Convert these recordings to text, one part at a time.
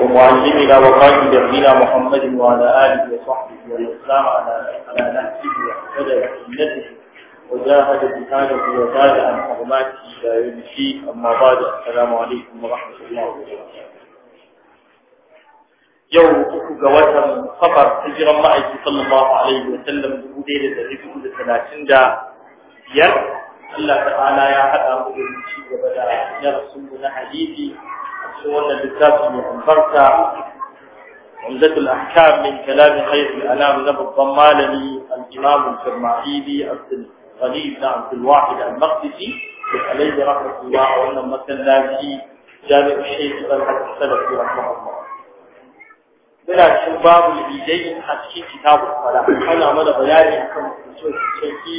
ومعلمنا وقائد ربنا محمد وعلى آله وصحبه والإسلام على نهجه واحتدى بسنته وجاهد بهذا وزاد عن حرماته لا يمشيه أما بعد السلام عليكم ورحمة الله وبركاته yau uku ga watan safar hijiran ma'aiki sallallahu alaihi wa sallam dubu da dari hudu da talatin da biyar Allah ta'ala ya haɗa mu da ci gaba da ya rasu na hadisi a cikin wannan littafin mai albarka عمدة الأحكام من كلام خير الأنام نبض ضمالني الإمام الفرماحيلي الغني al عبد الواحد المقدسي عليه رحمة الله وأن مثل في جامع الشيخ الحسن السلفي muna cikin babu lidai a cikin kitabun fara ana mana bayani akan hukuncin ki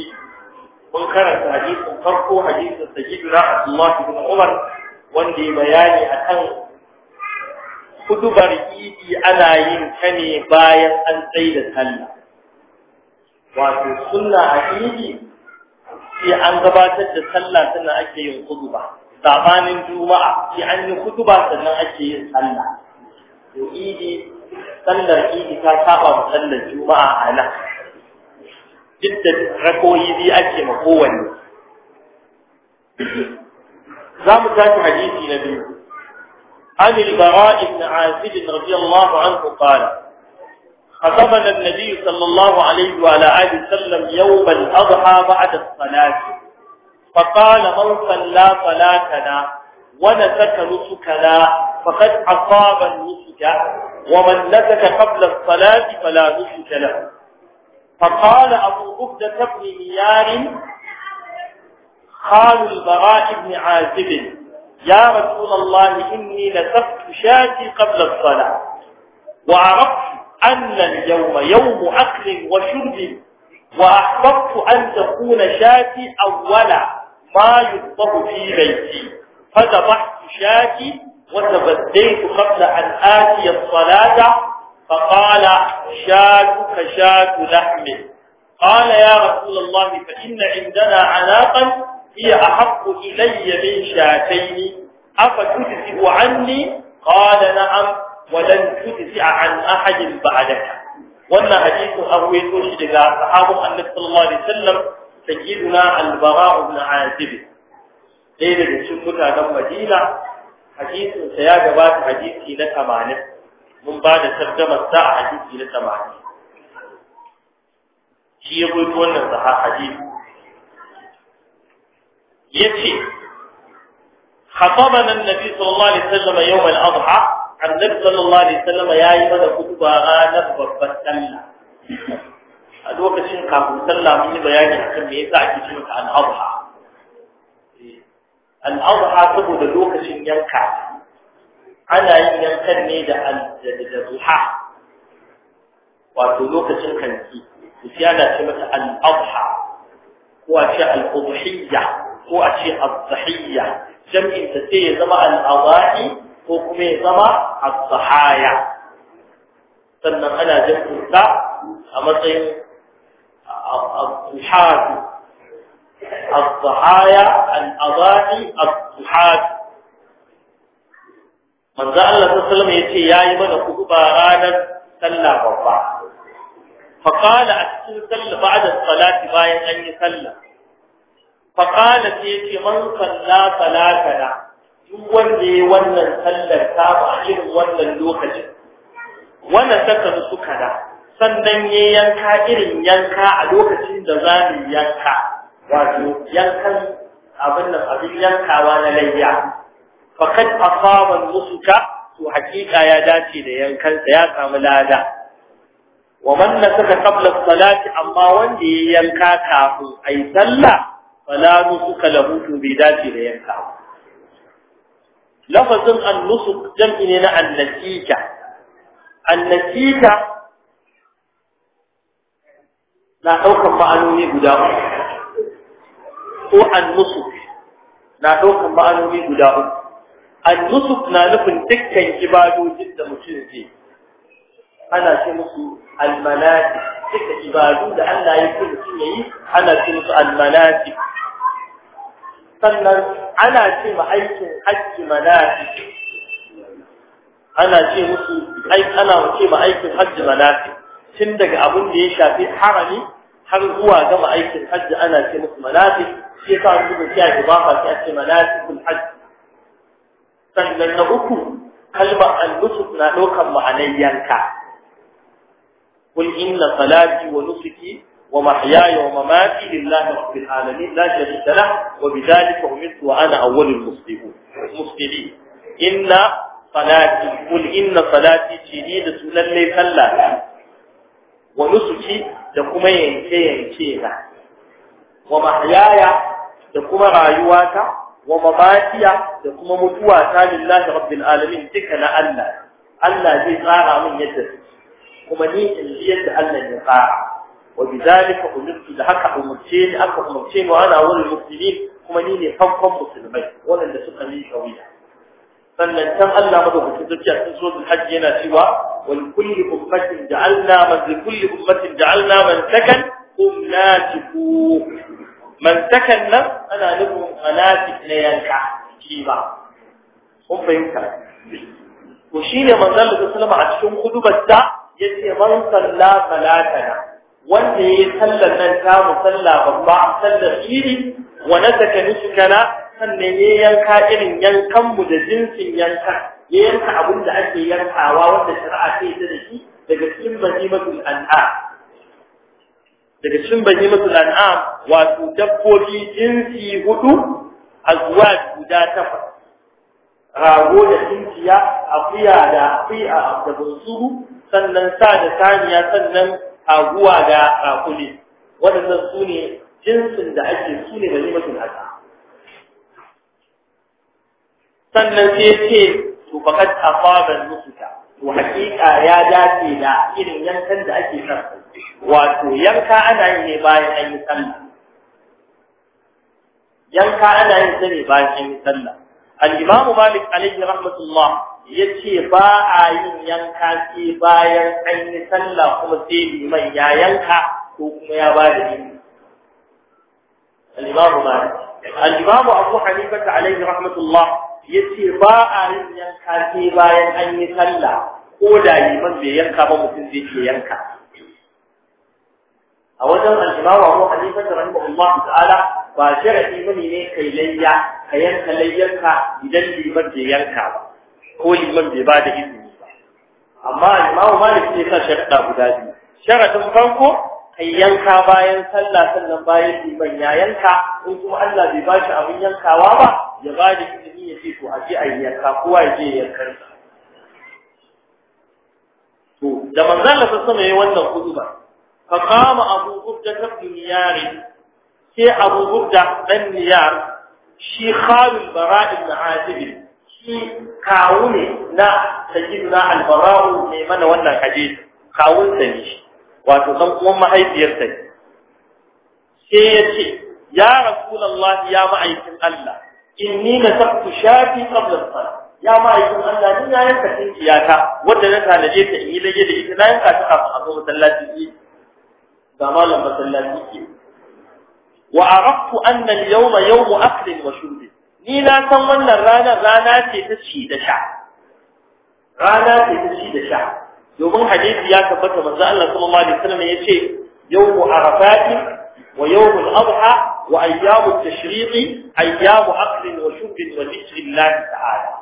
mun karanta hadisin farko hadisin sayyidina Abdullah ibn Umar wanda ya bayani akan hudubar idi ana yin ta ne bayan an tsaye da sallah wato sunna a idi sai an gabatar da sallah sannan ake yin huduba sabanin juma'a sai an yi huduba sannan ake yin sallah to idi sallar idi ta saba da sallar juma'a a nan duk rakoyi bi ake ma kowanne zamu mu hadisi na biyu عن البراء بن عازب رضي الله عنه قال خطبنا النبي صلى الله عليه وعلى آله وسلم يوم الأضحى بعد الصلاة فقال من صلى صلاتنا ونسك نسكنا فقد أصاب النسك ومن نسك قبل الصلاة فلا نسك له فقال أبو عبدة بن ميار خال البراء بن عازب يا رسول الله إني نسكت شاتي قبل الصلاة وعرفت أن اليوم يوم أكل وشرب وأحببت أن تكون شاتي أولا ما يطبخ في بيتي فذبحت شاتي وتبديت قبل أن آتي الصلاة فقال شاتك شات لحم قال يا رسول الله فإن عندنا عناقا هي أحق إلي من شاتين أفتجزئ عني قال نعم ولن تجزئ عن أحد بعدك wannan حديث أرويته ruwaito صحابه daga صلى الله عليه وسلم سيدنا البراء بن عازب ɗaya da cin mutanen madina hadisinsa ya gabata hadisi na tamanin mun ba da tarjamar sa a hadisi na tamanin shi ya gwaiko wannan zaha hadisi ya ce خطبنا النبي صلى الله عليه وسلم يوم الأضحى النبي صلى الله عليه وسلم يا أيها الكتب أنا بفصل هذا وقت شنو كان بفصل لا مني بياني حتى ميزة كتير كان أضحى al'adha saboda lokacin yanka ana yin yankan ne da da duha wato lokacin kanti ziyada ce masa al-adha ko a ce al-udhiyya ko a ce az-zahiyya jam'in ta sai ya zama al ko kuma ya zama az sannan ana jam'in ta a matsayin al-duha الضحايا الأضاحي الضحاك من ذا الله صلى الله عليه وسلم يتي يا إيمان أخوكبا رانا سلا بابا فقال أكسل سلا بعد الصلاة باين أن يسلا فقال يتي من صلى صلاتنا يوان لي وانا سلا تابع إن وانا اللوخج وانا سكن سكنا sannan ya yanka irin yanka a lokacin da za mu yanka wato yankan abin nan abin yankawa na layya fakat asaba musuka to hakika ya dace da yankan sa ya samu lada wa man nasaka qabla salati amma wanda ya yanka kafin ai sallah fala musuka lahu to bai dace da yanka lafazin an-nusuk jam'i ne na an-nasika na ɗaukar ma'anoni guda uku ko annusuk na ɗaukar ma'anoni guda uku annusuk na nufin dukkan ibadojin da mutum ke. ana ce musu almanati duka ibadu da Allah ya ce mutum yayi ana ce musu almanati sannan ana ce ma aikin hajji manati ana ce musu ai ana ce ma aikin hajji manati tun daga abin da ya shafi harami har zuwa gama aikin hajji ana ce musu manafi sai ka rubuta kiyaye idafa sai a ce manafikul hajji sannan na uku kalmar al-nusuk na ɗaukar ma'anar yanka kul inna salati wa nusuki wa mahyaya wa mamati lillahi rabbil alamin la sharika lah wa bidhalika umirtu wa ana awwalul muslimin muslimin inna salati kul inna salati ce ni da sunan mai sallah wa nusuki da kuma yanke yanke na wa mahyaya da kuma rayuwata wa mamatiya da kuma mutuwa ta lillahi rabbil alamin duka na Allah Allah zai tsara min yadda kuma ni in bi yadda Allah ya tsara wa bidalika umirtu da haka umurce ni aka umurce ni wa ana wal muslimin kuma ni ne farkon musulmai wanda suka mi shawiya sannan can Allah madaukakin sarki a cikin suratul hajji yana cewa wal kulli ummatin ja'alna man li kulli ummatin ja'alna man takan hum natiku man takan nan ana nufin manatik na yanka shi kun fahimta ko shine manzon da sallama a cikin hudubarsa yace man salla salatana wanda yayi sallan nan ta musalla babba sallar idi wa nataka nuskana sannan ya yanka irin yankan mu da jinsin yankan ya yanka abin da ake yankawa wanda shari'a ta yi da shi daga cikin bahimatul an'am daga cikin bahimatul an'am wato dabbobi jinsi hudu zuwa guda takwas rago da tinkiya akuya da akuya da bunsuru sannan sa da saniya sannan aguwa da rakuli waɗannan su ne jinsin da ake su ne bahimatul an'am sannan sai ce to fakat asaba nusuka to hakika ya dace da irin yankan da ake san wato yanka ana yi ne bayan an yi sallah yanka ana yin sa ne bayan an yi sallah al-imamu malik alayhi rahmatullah yace ba a yin yanka sai bayan an yi sallah kuma sai liman ya yanka ko kuma ya bada da ni al-imamu malik al-imamu abu hanifa alayhi rahmatullah ya ce ba a yin yanka sai bayan an yi sallah ko da liman bai yanka ba mutum zai ke yanka a wajen al'imawa ko halifa da ranar Allah ta'ala ba sharaɗi bane ne kai layya ka yanka layyarka idan liman bai yanka ba ko liman bai ba da izini ba amma al'imawa malik ne sa sharaɗa guda biyu sharaɗin farko kai yanka bayan sallah sannan bayan liman ya yanka ko kuma Allah bai ba shi abin yankawa ba ya ba da izini ya ce to a je a yi yanka kowa ya je ya sa to da manzon Allah sama yayin wannan huduba fa qama Abu Burda ibn Niyar sai Abu da dan Niyar shi kawun Bara'in na Azib shi kawu ne na sayyidina al albara'u ne mana wannan hadisi kawun sa ne wato dan uwan mahaifiyarsa sai ya ce ya rasulallah ya ma'aikin Allah inni la taqtu shati qabla as-salah ya ma yakin Allah ni na yanka ta, wadda na tanaje ta in yi lage da ita na yanka ta kafin a zo masallaci ki ga malam masallaci ki wa araftu anna al yau mu akl wa shurb ni na san wannan rana rana ce ta ci da sha rana ce ta ci da sha domin hadisi ya tabbata manzo Allah kuma sallallahu alaihi wasallam yace mu arafati wa yau mu adha وأيام التشريق أيام أقل وشرب وذكر الله تعالى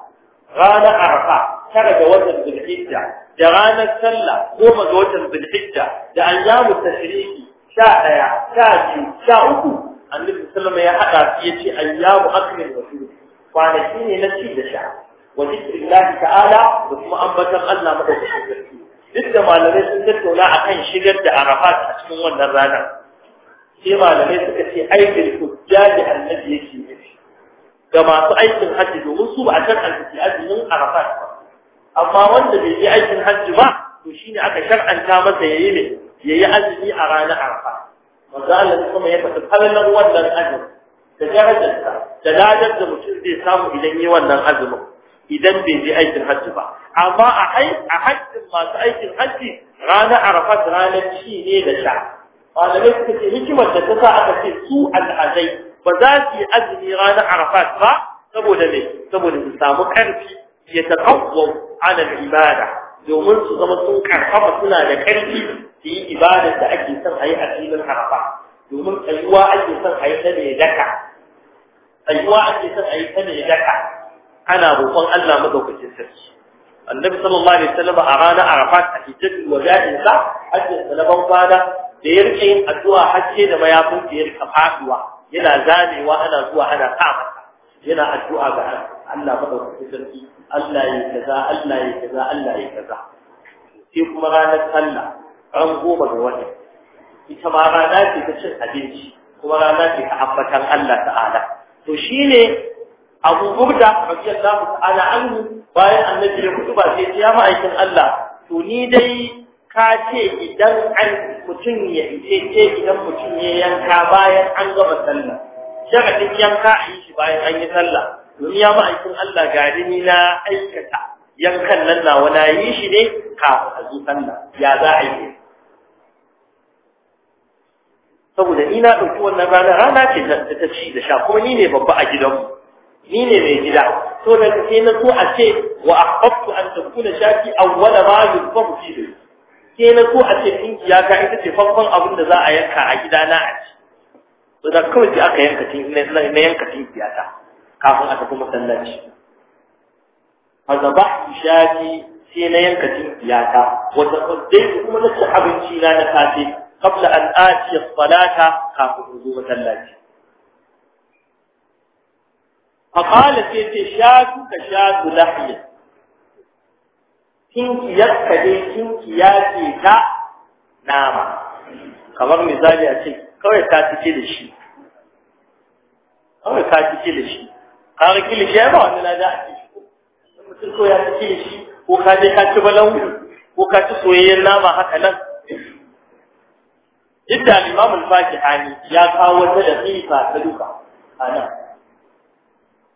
غانا أعطى ترى جوازا بالحجة جرانا السلة قوم جوازا بالحجة لأيام التشريق شاء شاء شاء أكو النبي صلى الله عليه وسلم يحقى فيه أيام أقل وشرب وعلى كين نسي بشاء وذكر الله تعالى وثم أنبتا ألا مدى تشريق duk da malamai sun tattauna akan shigar da arafat a cikin wannan ranar sai malamai suka ce aikin hujjaji annabi yake nufi ga masu aikin hajji domin su ba a shar'anta ke azumin arafat ba amma wanda bai yi aikin hajji ba to shine aka shar'anta masa yayi ne yayi azumi a ranar arafa manzo Allah kuma ya faɗi falalar wannan azumi da darajarsa da ladar da mutum zai samu idan yi wannan azumin idan bai je aikin hajji ba amma a hajjin masu aikin hajji ranar arafat ranar ci ne da sha malamai suka ce hikimar da ta sa aka ce su al'adai, ba za su yi azumi ranar arafat ba saboda ne, saboda su samu karfi ya taƙawwa ala ibada domin su zama sun karfafa suna da karfi su yi ibadar da ake son a yi a filin arafa domin tsayuwa ake son a yi ta ne daka tsayuwa ake son a yi ta ne daka ana roƙon Allah madaukakin sarki annabi sallallahu alaihi wasallam a ranar arafat a hijjatul wada'in sa ake salaban fada da ya rike yin addu'a hacce da mayafin da ya rika faduwa yana zamewa ana zuwa ana sa yana addu'a ga Allah madaukakin sarki Allah ya kaza Allah ya kaza Allah ya kaza sai kuma ranar sallah an goma ga wani ita ma rana ce ta cin abinci kuma rana ce ta abbatan Allah ta'ala to shine Abu Burda radiyallahu ta'ala anhu bayan annabi ya kutuba sai ya aikin Allah to ni dai ka ce idan an mutum ya ce ce idan mutum ya yanka bayan an gaba sallah a yanka a yi shi bayan an yi sallah domin ya ba Allah gari ni na aikata yankan nan na wani yi shi ne kafin a zo sallah ya za a yi saboda ni na ɗauki wannan rana rana ce da ta ci da sha kuma ni ne babba a gidanmu ni ne mai gida to da sai na so a ce wa ahbabtu an takuna shafi awwala ma yuzbahu fi sai na so a ce tinkiya ka ita ce fafan abin da za a yanka a gidana a ci to da kawai sai aka yanka na yanka ya ta kafin a tafi masallaci fa zabahtu shati sai na yanka ya ta wata dai kuma na ci abinci na na safe qabla an ati salata kafin zo masallaci fa qala sai ce shatu ka shatu lahiya kinkiyar ka dai kinkiya ce ta nama kamar misali a ce kawai ka fice da shi kawai ka fice da shi ka ga kilishi ya ba wani lada a shi mutum ko ya da kilishi ko ka je ka ci balangu ko ka ci soyayyen nama haka nan idda al-imam al ya kawo wata da tsifa ta duka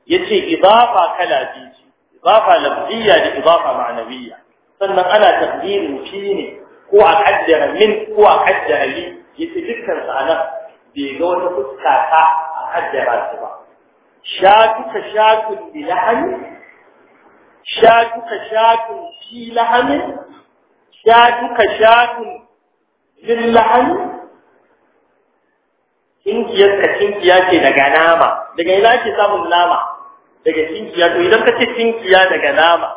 Ya ce idafa kala biyu idafa lafiya da idafa ma'nawiyya sannan ana takdirin fi ne ko a kaddara min ko a kaddara li yace dukkan sa anan bai ga wata fuska ta a kaddara su ba shatuka shatun bi lahani shatuka shatun fi lahani shatuka shatun bil lahani kinkiyar ka kinkiya ce daga nama daga ina ake samun nama daga kinkiya to idan ka ce kinkiya daga nama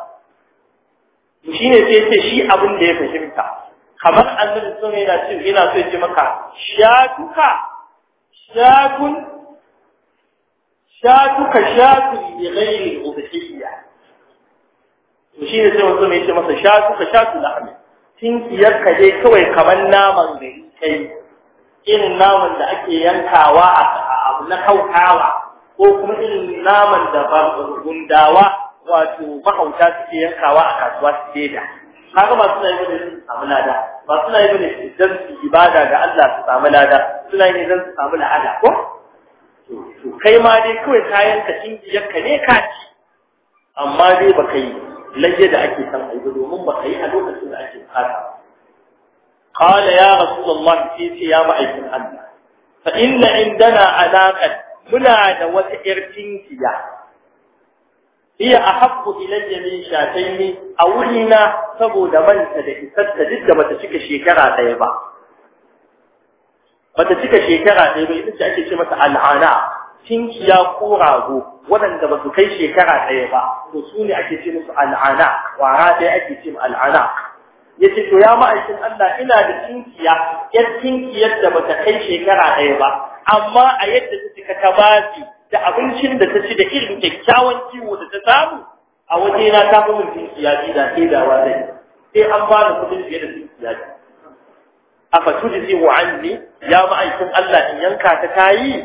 shi ne sai ce shi abin da ya fahimta kamar annabi sun yana ce yana so ya ce maka shatuka shakun shatuka shakun da gairi ubhiyya to shi ne sai wasu mai ce masa shatuka shatu lahmi tinkiyar ka dai kawai kamar naman da kai irin naman da ake yankawa a abu na kaukawa, ko kuma irin naman da ba gundawa wato mahauta suke yankawa a kasuwa su da kaga ba suna yi bane su samu lada ba suna yi bane dan su ibada ga Allah su samu lada suna yi zan su samu la'ada ko to kai ma dai kawai kayan ka kingiyar ka ne ka ci amma dai baka yi lalle da ake san a yi domin baka yi a lokacin da ake bukata قال يا رسول الله في يا معيكم الله فإن Muna da wata دوات إرتنكية hiya ahabbu ilayya min shataini a wurina saboda manta da isarta duk da bata cika shekara ɗaya ba bata cika shekara ɗaya ba ita ake ce mata al'ana tinkiya ko rago waɗanda ba su kai shekara ɗaya ba to su ne ake ce musu al'ana ƙwara ɗaya ake ce al'ana ya ce to ya ma'aikin Allah ina da tinkiya yar tinkiyar da bata kai shekara ɗaya ba amma a yadda ta cika ta basi da abincin da ta ci da irin kyakkyawan kiwo da ta samu a waje na ta fi mutum siyasi da ke da wa zai sai an ba da kudin fiye da siyasi a fatu da zai wa'anni ya ma'aikin Allah in yanka ta tayi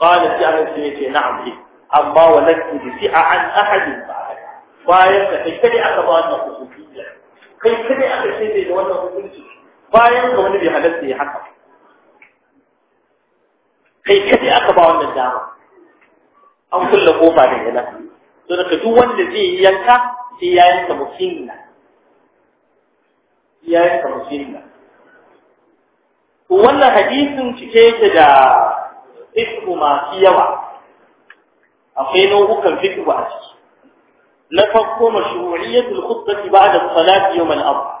qala sai an ce na amfani. Eh, amma da bi a an ahadin ba bayan ka kai kai aka ba wannan hukunci kai kai aka ce da wannan hukunci bayan ka wani bai halatta ya haka kai kaje aka ba wannan dama an kulle kofa da yana to da duk wanda zai yi yanka sai ya yanka musinna ya yanka musinna wannan hadisin cike yake da fitu masu yawa akwai nau'ukan fitu a ciki na farko mashru'iyyatul khutbati ba'da salati yawm adha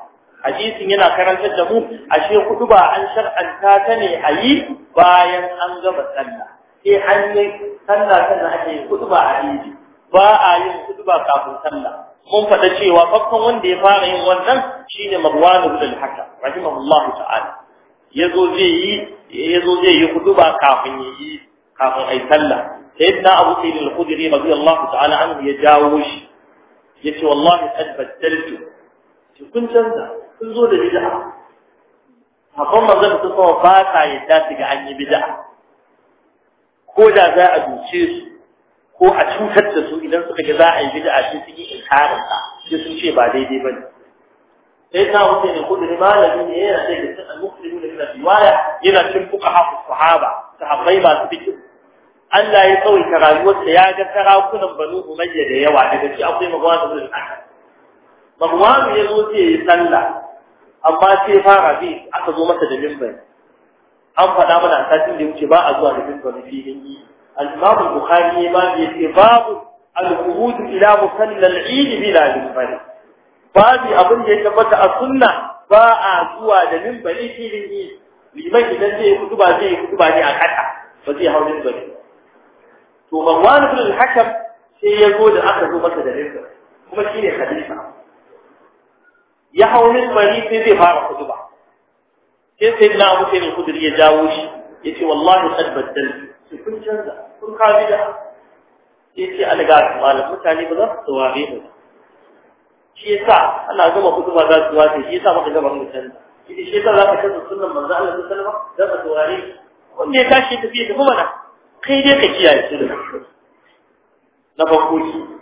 hadisin yana karantar da mu ashe hudu ba an shar'anta ta ne a yi bayan an gaba sallah sai an yi sallah sannan ake yin ba a yi ba a yin hudu ba kafin sallah mun faɗa cewa farkon wanda ya fara yin wannan shine Marwan ibn al rahimahullahu ta'ala yazo zai yi yazo zai yi ba kafin yi kafin ai sallah sayyidina Abu Sayyid al-Khudri radiyallahu ta'ala anhu ya jawo shi yace wallahi qad baddaltu kun canza kun zo da bid'a kan manzon da kuma ba ta yadda su ga an yi bid'a ko da za a duce su ko a cutar da su idan suka ga za a yi bid'a sai su yi inkarin ta sai sun ce ba daidai bane sai ta wuce ne kudu malami ne yana da cikin al-muslimin da cikin riwaya yana cin cikin fuqaha sahaba sahabbai masu fiqh Allah ya tsawaita rayuwarsa ya ga sarakunan Banu Umayya da yawa daga shi akwai magana da Marwanu ya zo ce yi sallah amma sai fara bi aka zo masa da mimbar an faɗa mana satin da wuce ba a zuwa da mimbar filin yi al-imam bukhari ma ya ce babu al-qurud ila musalla al-eid bila Ba babu abin da ya tabbata a sunna ba a zuwa da mimbar filin yi liman idan zai kudu ba zai kudu ba ne a kada ba zai hau mimbar to marwan ibn al-hakam sai ya zo da aka zo masa da mimbar kuma shine hadisi ya hau mari sai zai fara ba. sai sai na sai ne kudur ya jawo shi ya ce wallahi kad baddal su kun canza kun kawo da ya ce alga malam mutane ba za su saurare ba ba shi yasa ana gama ba za su sai shi yasa muka gama mu canza shi shi yasa za ka canza sunnan manzo Allah sallallahu alaihi za ka ne wanda ya tashi tafiya tafi mana kai dai ka kiyaye sunna na farko shi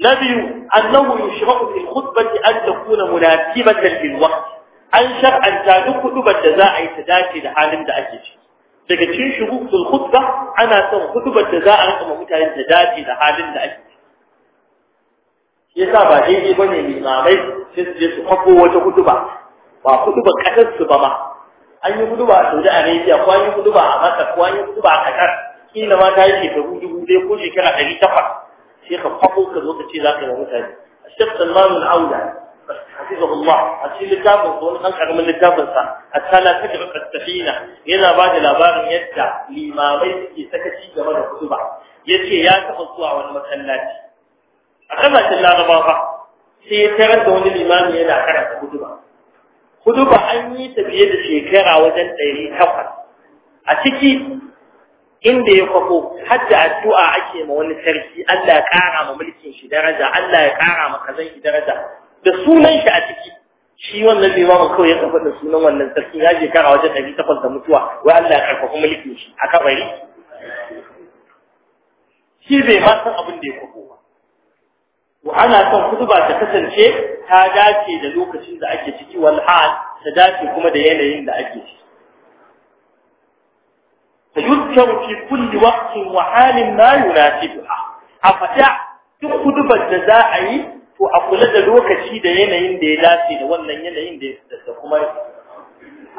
نبي أنه يشرع في الخطبة أن تكون مناسبة للوقت an shar'anta duk hudubar da za a yi ta dace da halin da ake ci daga cikin shurutul khutba ana son hudubar da za a rika ma mutane ta dace da halin da ake ci yasa ba daidai bane limamai sai su je su hako wata huduba ba huduba kasar ba ma an yi huduba a Saudi Arabia ko an yi a Masar ko an a Qatar kila ma ta yi shekaru dubu ɗaya ko shekara ɗari takwas sai ka fako ka zo ka ce za ka yi wa mutane الشيخ سلمان العودة حفظه الله أشيل الكافر وأن أنقر من الكافر حتى لا تجرق السفينة هنا بعد الأبار يدع لإمامي يسكتي جمال الخطبة يتي يا تفضوا عن المسلات أخذت الله رباطة سيترد هنا الإمام يدع كرة الخطبة خطبة أني تبيد شيكرة وجن تيري كفر أتكي inda ya kwafo hadda addu'a ake ma wani sarki Allah ya kara ma mulkin shi daraja Allah ya kara ma kazan shi daraja da sunan shi a ciki shi wannan limamin kawai ya kafa da sunan wannan sarki ya je kara wajen ɗari takwas da mutuwa wai Allah ya karfafa mulkin shi a kabari shi bai ma san abin da ya kwafo ba wa ana son kutuba ta kasance ta dace da lokacin da ake ciki wal hal ta dace kuma da yanayin da ake ciki فيذكر في كل وقت وحال ما يناسبها أفتع تخدب الجزاء to a kula da lokaci da yanayin da ya dace da wannan yanayin da da kuma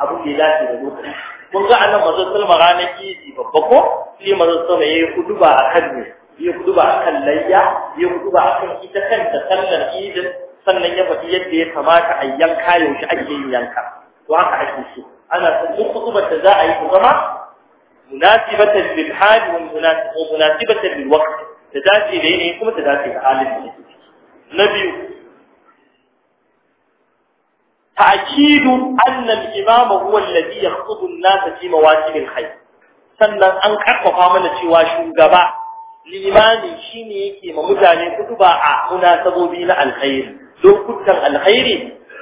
abu da ya dace da lokaci kun ga annan manzo sallama ranar idi babba ko shi manzo sallama yayi kuduba akan ne yayi kuduba akan layya yayi kuduba akan ita kanta sallar idin sannan ya faɗi yadda ya kamata a yanka yaushe ake yin yanka to haka ake so ana son duk kudubar da za a yi ku zama munasibatan lil hal wa munasibatan lil waqt da dace da yanayi kuma da halin da yake na biyu ta'kidu sannan an karfafa mana cewa shugaba limani shine yake ma mutane kutuba a munasabobi na alkhairi lokutan alkhairi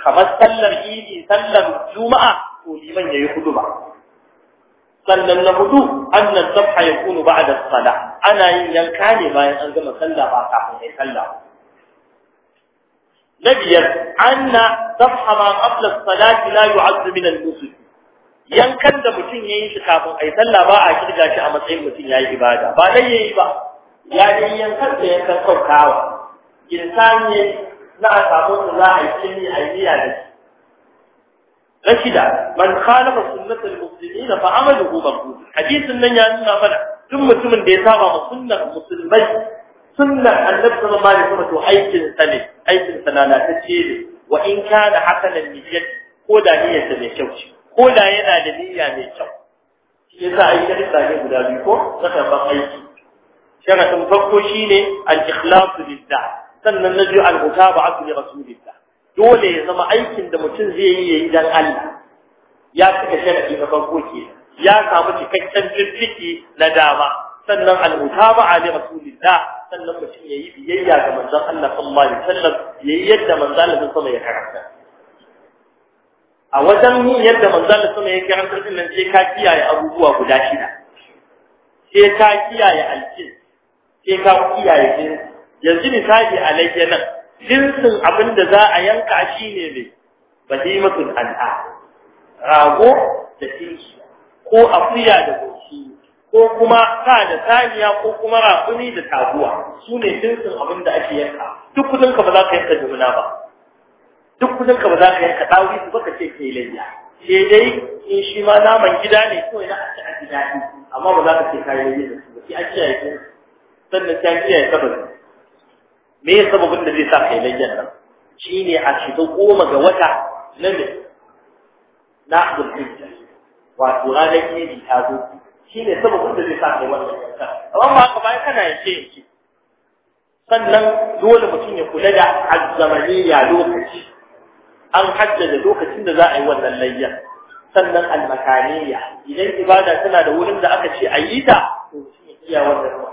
kamar sallar idi sallar juma'a to liman yayi kutuba sannan na hudu annan sabha ba da salah ana yin yanka ne bayan an gama sallah ba kafin ai sallah na biyar anna sabha ma qabla salati la yu'addu min al yankan da mutum yayin shi kafin ai sallah ba a kirga shi a matsayin mutum yayi ibada ba dai yayi ba ya dai yankan da yankan saukawa insani na a samu za a yi kini a yi da shi نشدا من خالف سنة المسلمين فعمله مردود حديث النبي أننا منع ثم ثم ديسابة سنة المسلمين سنة النبي صلى الله عليه وسلم حيث سنة حيث سنة لا تشير وإن كان حسن النجد هو دا نية ميشوش هو دا ينا لنية ميشو يسا أي شرط لا يقول لكم سخفا حيث شرط مفكو شيني الإخلاص لله سنة نجو المتابعة لرسول الله dole ya zama aikin da mutum zai yi yayi dan Allah ya cika sharadi na farko ke ya samu cikakken jirfiki na dama sannan al-mutaba'a li rasulillah sannan mutum yayi biyayya ga manzon Allah sallallahu alaihi wasallam yayi yadda manzon Allah sama ya karanta a wajen yin yadda manzon Allah sama ya karanta din nan sai ka kiyaye abubuwa guda shida sai ka kiyaye alkin sai ka kiyaye yanzu misali alayya nan jinsin abin da za a yanka shi ne mai bahimatul al'a rago da tinki ko akuya da goshi ko kuma sa da saniya ko kuma raƙumi da taguwa su ne jinsin abin da ake yanka duk kudinka ba za ka yanka jimina ba duk kudinka ba za ka yanka dawi ba ka ce ke lalya sai dai in shi ma naman gida ne ko ina a ci a gida amma ba za ka ce kai yi da su ba sai an kiyaye sannan me ya sababin da zai sa kai layyan nan shine a shiga goma ga wata na ne na abdul hijja wato ranar yini ta zo shine sababin da zai sa kai wannan amma ba haka bayan kana yake yake sannan dole mutum ya kula da azzamaniya lokaci an hajjaja lokacin da za a yi wannan layyan sannan almakaniya idan ibada tana da wurin da aka ce a yi ta to mutum ya iya wannan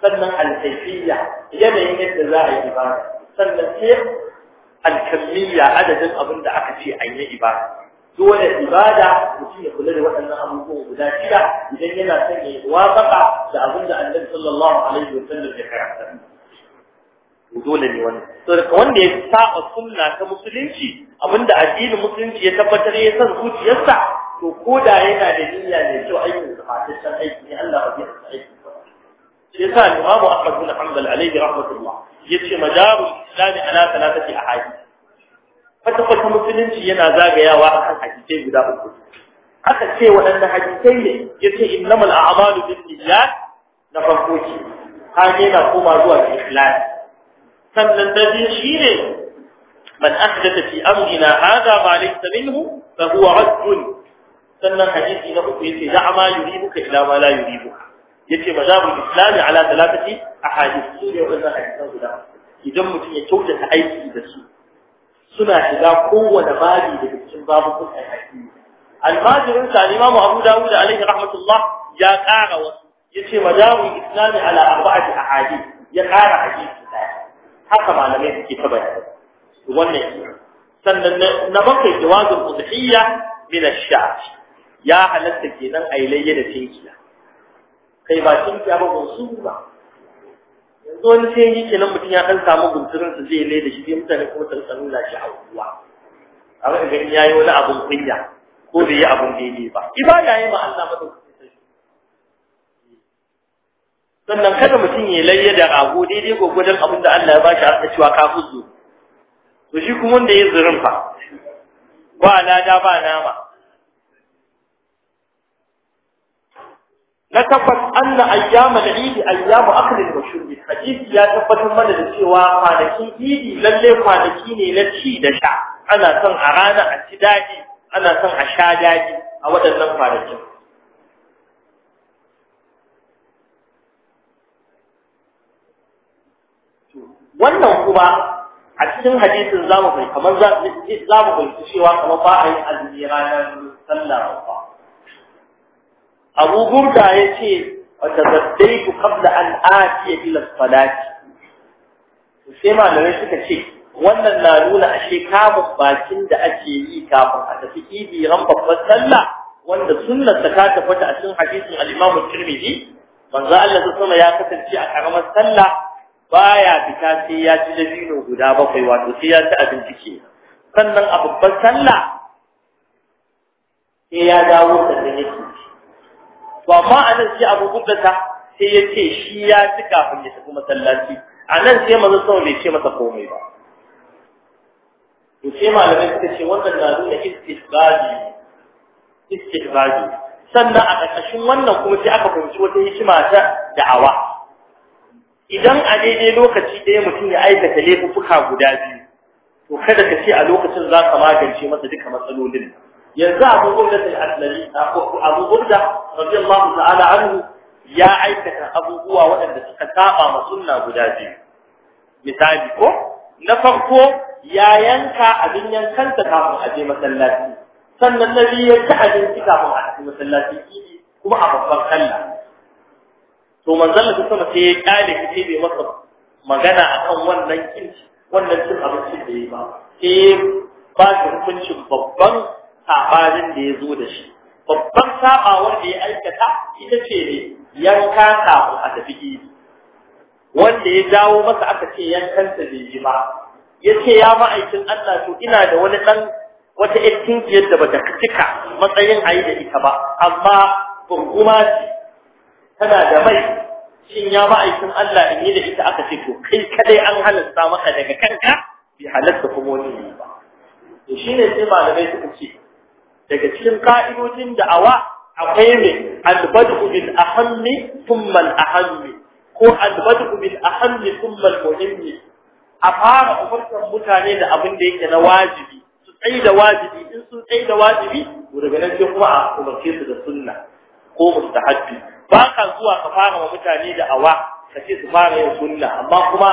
sannan alkaifiyya yanayin yadda za a yi ibada sannan sai alkamiyya adadin abin da aka ce an yi ibada dole ibada mutum ya kula da waɗannan abubuwa guda shida idan yana son ya wafaka da abin da annabi sallallahu alaihi wa sallam ya karanta dole ne wannan to da wanda ya saba sunna ta musulunci abinda addinin musulunci ya tabbatar ya san zuciyarsa to koda yana da niyya ne to aikin sa ba aiki ne Allah ba zai aiki shi sa imamu ahmad bin hanbal alaihi rahmatullah yace madaru islami ala talatati ahadith fata kwata musulunci yana zagayawa akan hadisai guda uku aka ce waɗanda hadisai ne yace innamal a'malu bin niyyat na farko ce hage na koma zuwa ga ikhlas sannan da biyu shine man ahdatha fi amrina hadha ma laysa minhu fa huwa radd sannan hadisi na uku yace da'ama yuribuka ila ma la yuribuka yace mazhabul islami ala talatati ahadith su ne wannan hadisan guda idan mutum ya kyautata aiki da su suna shiga kowane babi daga cikin babukan hadisi almajirin sa imamu abu Da'ud alaihi rahmatullah ya kara wasu yace mazhabul islami ala arba'ati ahadith ya kara hadisi haka malamai suke ta bayani wannan sannan na bakai jawazul udhiyya min ash-shaf ya halatta kenan ayi layya da tinkiya kai ba kin ya ba su ba yanzu wani sai yake nan mutum ya dan samu gunturin su zai lai shi mutane ko ta sanin da shi hauwa a ga ya yayi wani abun kunya ko bai yi abun daidai ba ibada yayi ma Allah ba sannan kada mutum ya layya da rago daidai gudan abin da Allah ya bashi a cewa ka huzu to shi kuma wanda ya zurin fa ba lada ba nama na tabbas anna ayyamal Idi ayyamu aklin wa shurbi hadisi ya tabbatar mana da cewa kwanakin idi lalle kwanaki ne na ci da sha ana son a rana a ci daɗi ana son a sha daɗi a waɗannan kwanakin wannan kuma a cikin hadisin zamu bai kamar zamu bai cewa kamar ba a yi azumi ranar sallah ba abu burda ya ce wata zaddai ku kabla an ya ila salati sai malamai suka ce wannan na nuna ashe kamun bakin da ake yi kafin a tafi idi ran babban sallah wanda sunnar ta ka a cikin hadisin al-Imam Tirmidhi manzo Allah sama ya kasance a karamar sallah baya fita sai ya ci dabino guda bakwai wato sai ya ci abinci ke sannan a babban sallah sai ya dawo sannan yake ba ma a nan sai abu ta sai ya ce shi ya ci kafin ya tafi masallaci a sai manzo sama bai ce masa komai ba to sai malamai suka ce wannan na nuna istihbabi istihbabi sannan a ƙarƙashin wannan kuma sai aka fahimci wata hikima ta da'awa idan a daidai lokaci ɗaya mutum ya aikata laifuka guda biyu to kada ka ce a lokacin za ka magance masa duka matsalolin nan yanzu abu burda al-aslami abu burda radiyallahu ta'ala anhu ya aikata abubuwa waɗanda suka saba ma sunna guda biyu misali ko na farko ya yanka abin yankan ta kafin a je masallaci sannan nabi biyu ya ci abinci kafin a tafi masallaci kuma a babban kalla. to manzon Allah sama sai ya kale shi bai masa magana akan wannan kin wannan cin abincin da yi ba sai ba shi hukuncin babban sabanin da ya zo da shi babban saɓa wanda ya aikata ita ce ne yanka kafin a tafi gidi wanda ya dawo masa aka ce yankansa bai yi ba ya ce ya ma'aikin Allah to ina da wani ɗan wata ƴan tinkiyar da bata cika matsayin a yi da ita ba amma kurkuma ce tana da mai shin ya ma'aikin Allah in yi da ita aka ce to kai kadai an halasta maka daga kanka bai halatta kuma wani ba to shine sai malamai suka ce daga cikin ka'idojin da'awa akwai ne albadu bil ahammi thumma al ahammi ko albadu bil ahammi thumma al muhimmi a fara umartar mutane da abin da yake na wajibi su tsayi da wajibi in sun tsayi da wajibi to daga nan sai kuma a umarce su da sunna ko mustahabbi ba ka zuwa ka fara wa mutane da awa ka ce su fara yin sunna amma kuma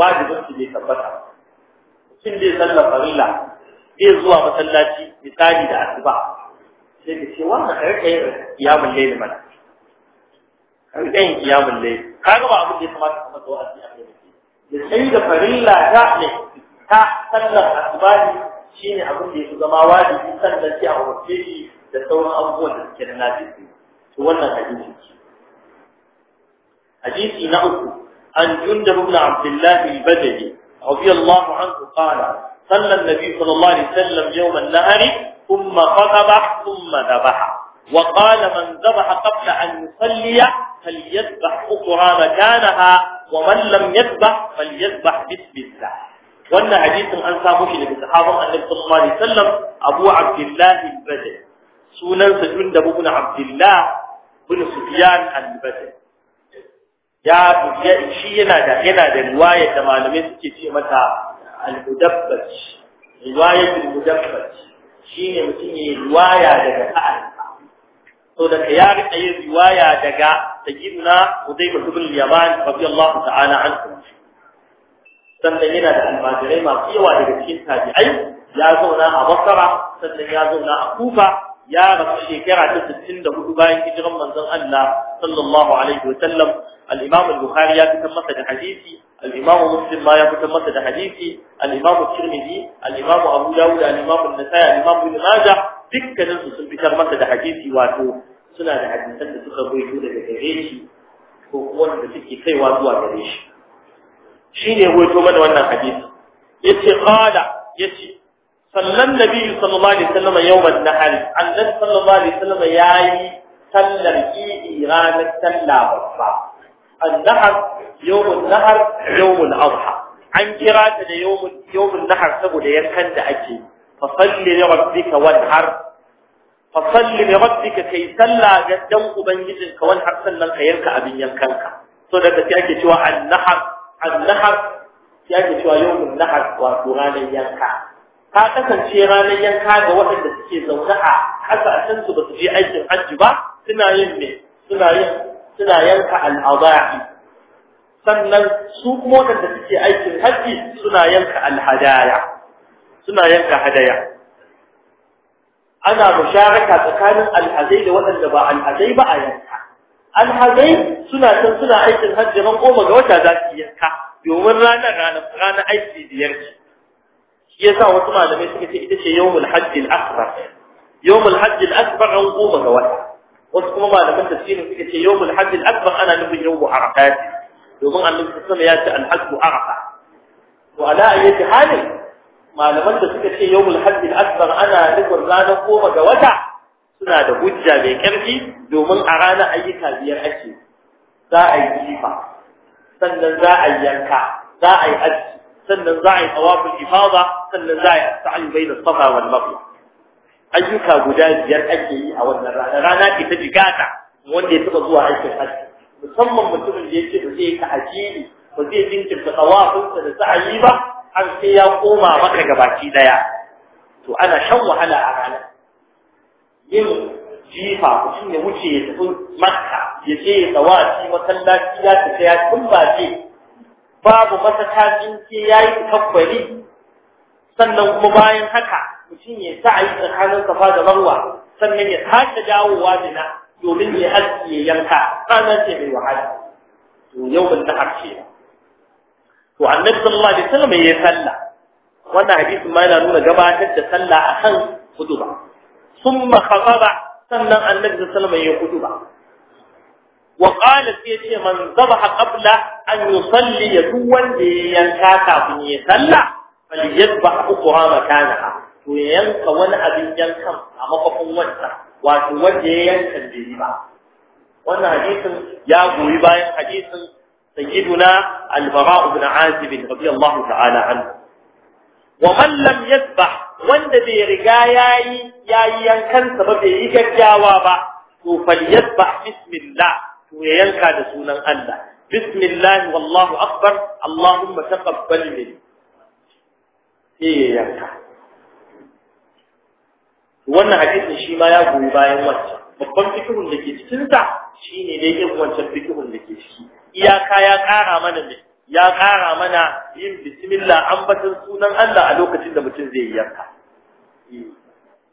wajibin su bai tabbata mutum dai sallar farilla zai zuwa masallaci misali da asuba sai ka ce wannan karka ya kiyamun laili mana karka yin kiyamun laili ka ga ba abin da ya kamata ka masa wa'azi a kai da sai da farilla ta ne ta sallar asuba shine abin da ya fi zama wajibi sannan sai a umarce shi da sauran abubuwan da suke da lafiya to wannan hadisi ce hadisi na uku an jundar ibn abdullah al-badali رضي الله عنه قال صلى النبي صلى الله عليه وسلم يوم النهر ثم خطب ثم ذبح وقال من ذبح قبل أن يصلي فليذبح أخرى مكانها ومن لم يذبح فليذبح باسم الله وأن حديث أن ساموش لك صحابة النبي صلى الله عليه وسلم أبو عبد الله البدر سنن سجند بن عبد الله بن سفيان البدر ya shi yana da yana da riwaya da malamai suke ce mata al-mudabbaj riwayatul mudabbaj shine mutum yayi riwaya daga sa'an to da ya rika yin riwaya daga sayyidina Udaymah ibn al-Yaman radiyallahu ta'ala anhu sannan yana da almajirai masu yawa daga cikin tabi'ai ya zauna a Basra sannan ya zauna a Kufa ya rasu shekara ta 64 bayan hijiran manzon Allah sallallahu al-Imam ya fitar masa da hadisi al-Imam ya fitar masa da hadisi al-Imam Tirmidhi al-Imam Abu Dawud al-Imam sun fitar masa da hadisi wato suna da hadisan da suka rubuto daga gare shi ko wanda suke kaiwa zuwa gare shi ya rubuto mana wannan hadisi yace qala yace sallan nabi sallallahu alaihi wasallam yawman nahar annabi sallallahu alaihi wasallam yayi sallar idi ranar sallah النحر يوم النحر يوم الأضحى عن قراءة يوم يوم النحر سبب ينكن دعجي فصل لربك وانحر فصل لربك كي سلى قدام أبنجزك وانحر سلن خيرك أبن ينكنك صدق تياك شوى النحر النحر تياك شوى يوم النحر وقران ينكا ta kasance ranar yanka ga waɗanda suke zaune a su ba su je aikin hajji ba suna yin ne suna yin suna yanka al'ada'i sannan su kuma waɗanda suke aikin haji suna yanka alhadaya suna yanka hadaya ana musharaka tsakanin alhazai da waɗanda ba alhazai ba a yanka alhazai suna can suna aikin hajji ran goma ga wata za su yanka domin ranar ranar aiki biyar ce shi yasa wasu malamai suka ce ita ce yawmul hajji al-akbar yawmul hajji al-akbar ran goma ga wata wasu kuma malaman tafsirin suka ce yawmul hajj al-akbar ana nufin yawmu arafat domin annabi sallallahu ya ce al-hajj arafa wa ala ayyati halin malaman da suka ce yawmul hajj al-akbar ana nufin ranar goma ga wata suna da hujja mai karfi domin a ranar ayyuka biyar ake za a yi jifa sannan za a yi yanka za a yi aji sannan za a yi tawaful ifada sannan za a yi sa'ayi bai da safa wal marwa ayyuka guda biyar ake yi a wannan rana rana ke ta jigata wanda ya taba zuwa aikin hajji musamman mutumin da yake da zai ka ajiri ba zai jinkirta tsawafinsa da sa'ayi ba har sai ya koma maka gabaki daya to ana shan wahala a ranar yin jifa mutum ya wuce ya tafi makka ya ce ya tsawafi masallaci ya tafi ya tumbace babu masa tashin ke ya yi tabbari sannan kuma bayan haka mutum ya sa a yi tsakanin kafa da marwa sannan ya sake dawowa mina domin ya haske ya yanka ranar ce mai wahala to yau ban ta harshe to annabi sallallahu alaihi wasallam ya salla wannan hadisin ma yana nuna gabatar da sallah akan huduba summa khataba sannan annabi sallallahu alaihi wasallam ya huduba wa qala sai ce man zabaha qabla an yusalli duk wanda ya yanka kafin ya sallah falyadba ukura makanaha to ya yanka wani abin yankan a makafin wanda wato wanda ya yanka da yi ba wannan hadisin ya goyi bayan hadisin sayyiduna na bara ibn azib radiyallahu ta'ala anhu wa mallam lam yadbah wanda bai riga yayi yayi yankan sa ba bai yi gaggawa ba to falyadbah bismillah to yanka da sunan Allah bismillah wallahu akbar allahumma taqabbal sai yanka wannan hadisin shi ma ya goyi bayan wancan babban fikihun da ke cikin sa shine dai irin wancan fikihun da ke ciki iyaka ya kara mana ne ya kara mana yin bismillah ambaton sunan Allah a lokacin da mutum zai yi yanka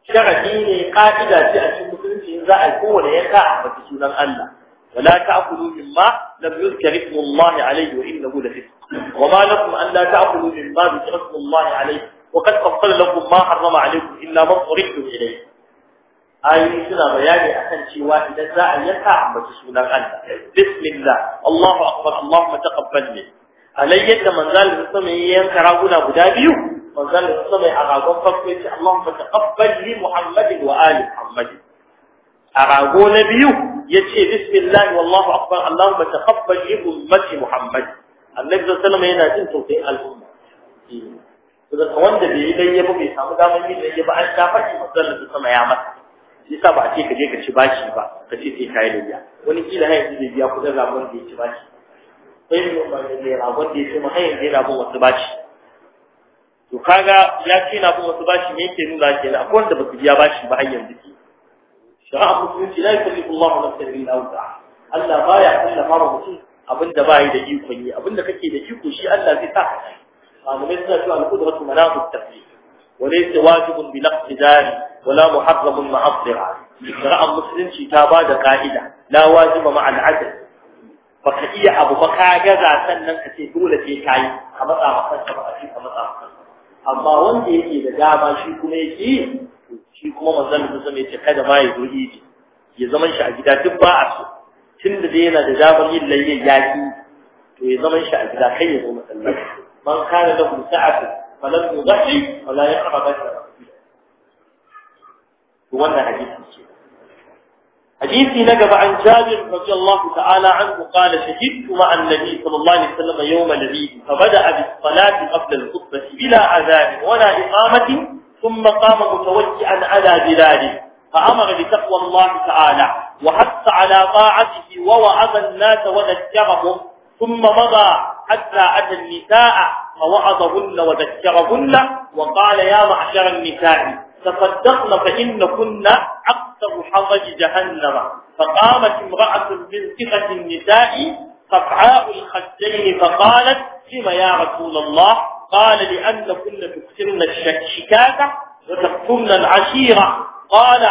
sharadi ne ka'ida ce a cikin musulunci in za a yi kowane yanka a ambaci sunan Allah wala ta'kulu mimma lam yuzkar ismu Allah alayhi wa innahu la fisq وما لكم أن لا تأكلوا مما ذكر اسم الله عليه وقد فصل لكم ما حرم عليكم إلا ما اضطررتم إليه ayoyi suna bayani akan cewa idan za a yanka ambaci sunan Allah bismillah Allahu akbar Allahumma taqabbal min alayya da manzal sama yanka raguna guda biyu manzal sama a ragon farko yace Allahumma taqabbal li Muhammadin wa ali Muhammad a rago na biyu yace bismillah wallahu akbar Allahumma taqabbal li ummati Muhammad annabi sallallahu alaihi yana jin tausayin al'umma eh, to da wanda bai yi dai ya bai samu damar yi dai ba an shafa shi sallallahu sama ya masa shi sa ba a ce ka je ka ci bashi ba ka ce sai kai da wani kila hayin zai biya kudin rabon da ya ci bashi sai mu ba da rabon da ya ci ma hayin zai rabon wasu bashi to kaga ya ce na bin wasu bashi me yake nuna kenan akwai wanda ba su biya bashi ba har yanzu shari'a musulunci la yukallifu Allahu nafsan illa wus'aha Allah baya kallafa mutum Abin da ba yi da ikon iko ne abinda kake da iko shi Allah zai sa. kai malamai suna cewa al-qudratu manaqu at-tafsir wa laysa wajibun bi naqdari wala muharramun ma'asira shari'ar musulunci ta ba da ka'ida la wajiba ma al-adl ka iya abu ba ka gaza sannan ka ce dole sai kai Ka matsa maka ka ba shi ka matsa maka amma wanda yake da dama shi kuma yake shi kuma manzon da zai ce kada ma ya zo idi ya zaman shi a gida duk ba a so tunda da yana da damar yin layyar yaki, to ya zama shi a gida kai ya zo masallaci man kana lahu sa'atu falan yudhi wala yaqra bashara to wannan hadisi ce hadisi na gaba an jabir radiyallahu ta'ala anhu qala shahidtu ma'a annabi sallallahu alaihi wasallam yawm al-eid fa bada'a bis salati qabla al-khutbah bila ثم قام متوجئا على بلاده فأمر بتقوى الله تعالى وحث على طاعته ووعظ الناس وذكرهم ثم مضى حتى أتى النساء فوعظهن وذكرهن وقال يا معشر النساء تصدقن فإن أكثر حرج جهنم فقامت امرأة من ثقة النساء قطعاء الخدين فقالت لم يا رسول الله قال لأن تكسرن تكثرن الشكاكة وتكثرن العشيرة قال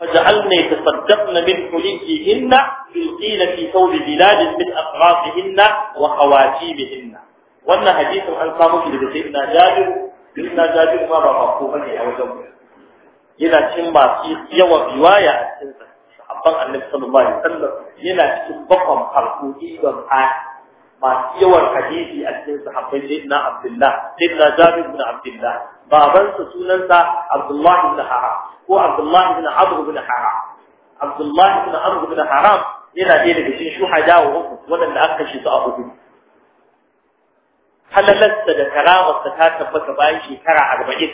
فجعلنا يتصدقن من حليهن يلقين في ثوب بلاد من أطرافهن وخواتيمهن وأن حديث عن صامت لسيدنا جابر سيدنا جابر ما رفقه مني أو جمعه إلى كما في يوم رواية sahabban annabi sallallahu alaihi wasallam yana cikin bakon farko ibn a masu yawan hadisi a cikin sahabbai sayyidina abdullah sayyidina jabir na abdullah babansa sunansa Abdullah ibn Haram ko Abdullah ibn Amr ibn Haram Abdullah ibn Amr ibn Haram yana ɗaya daga cikin shuhada wa uku waɗanda aka kashe su a hudu halalarsa da karamarsa ta tabbata bayan shekara arba'in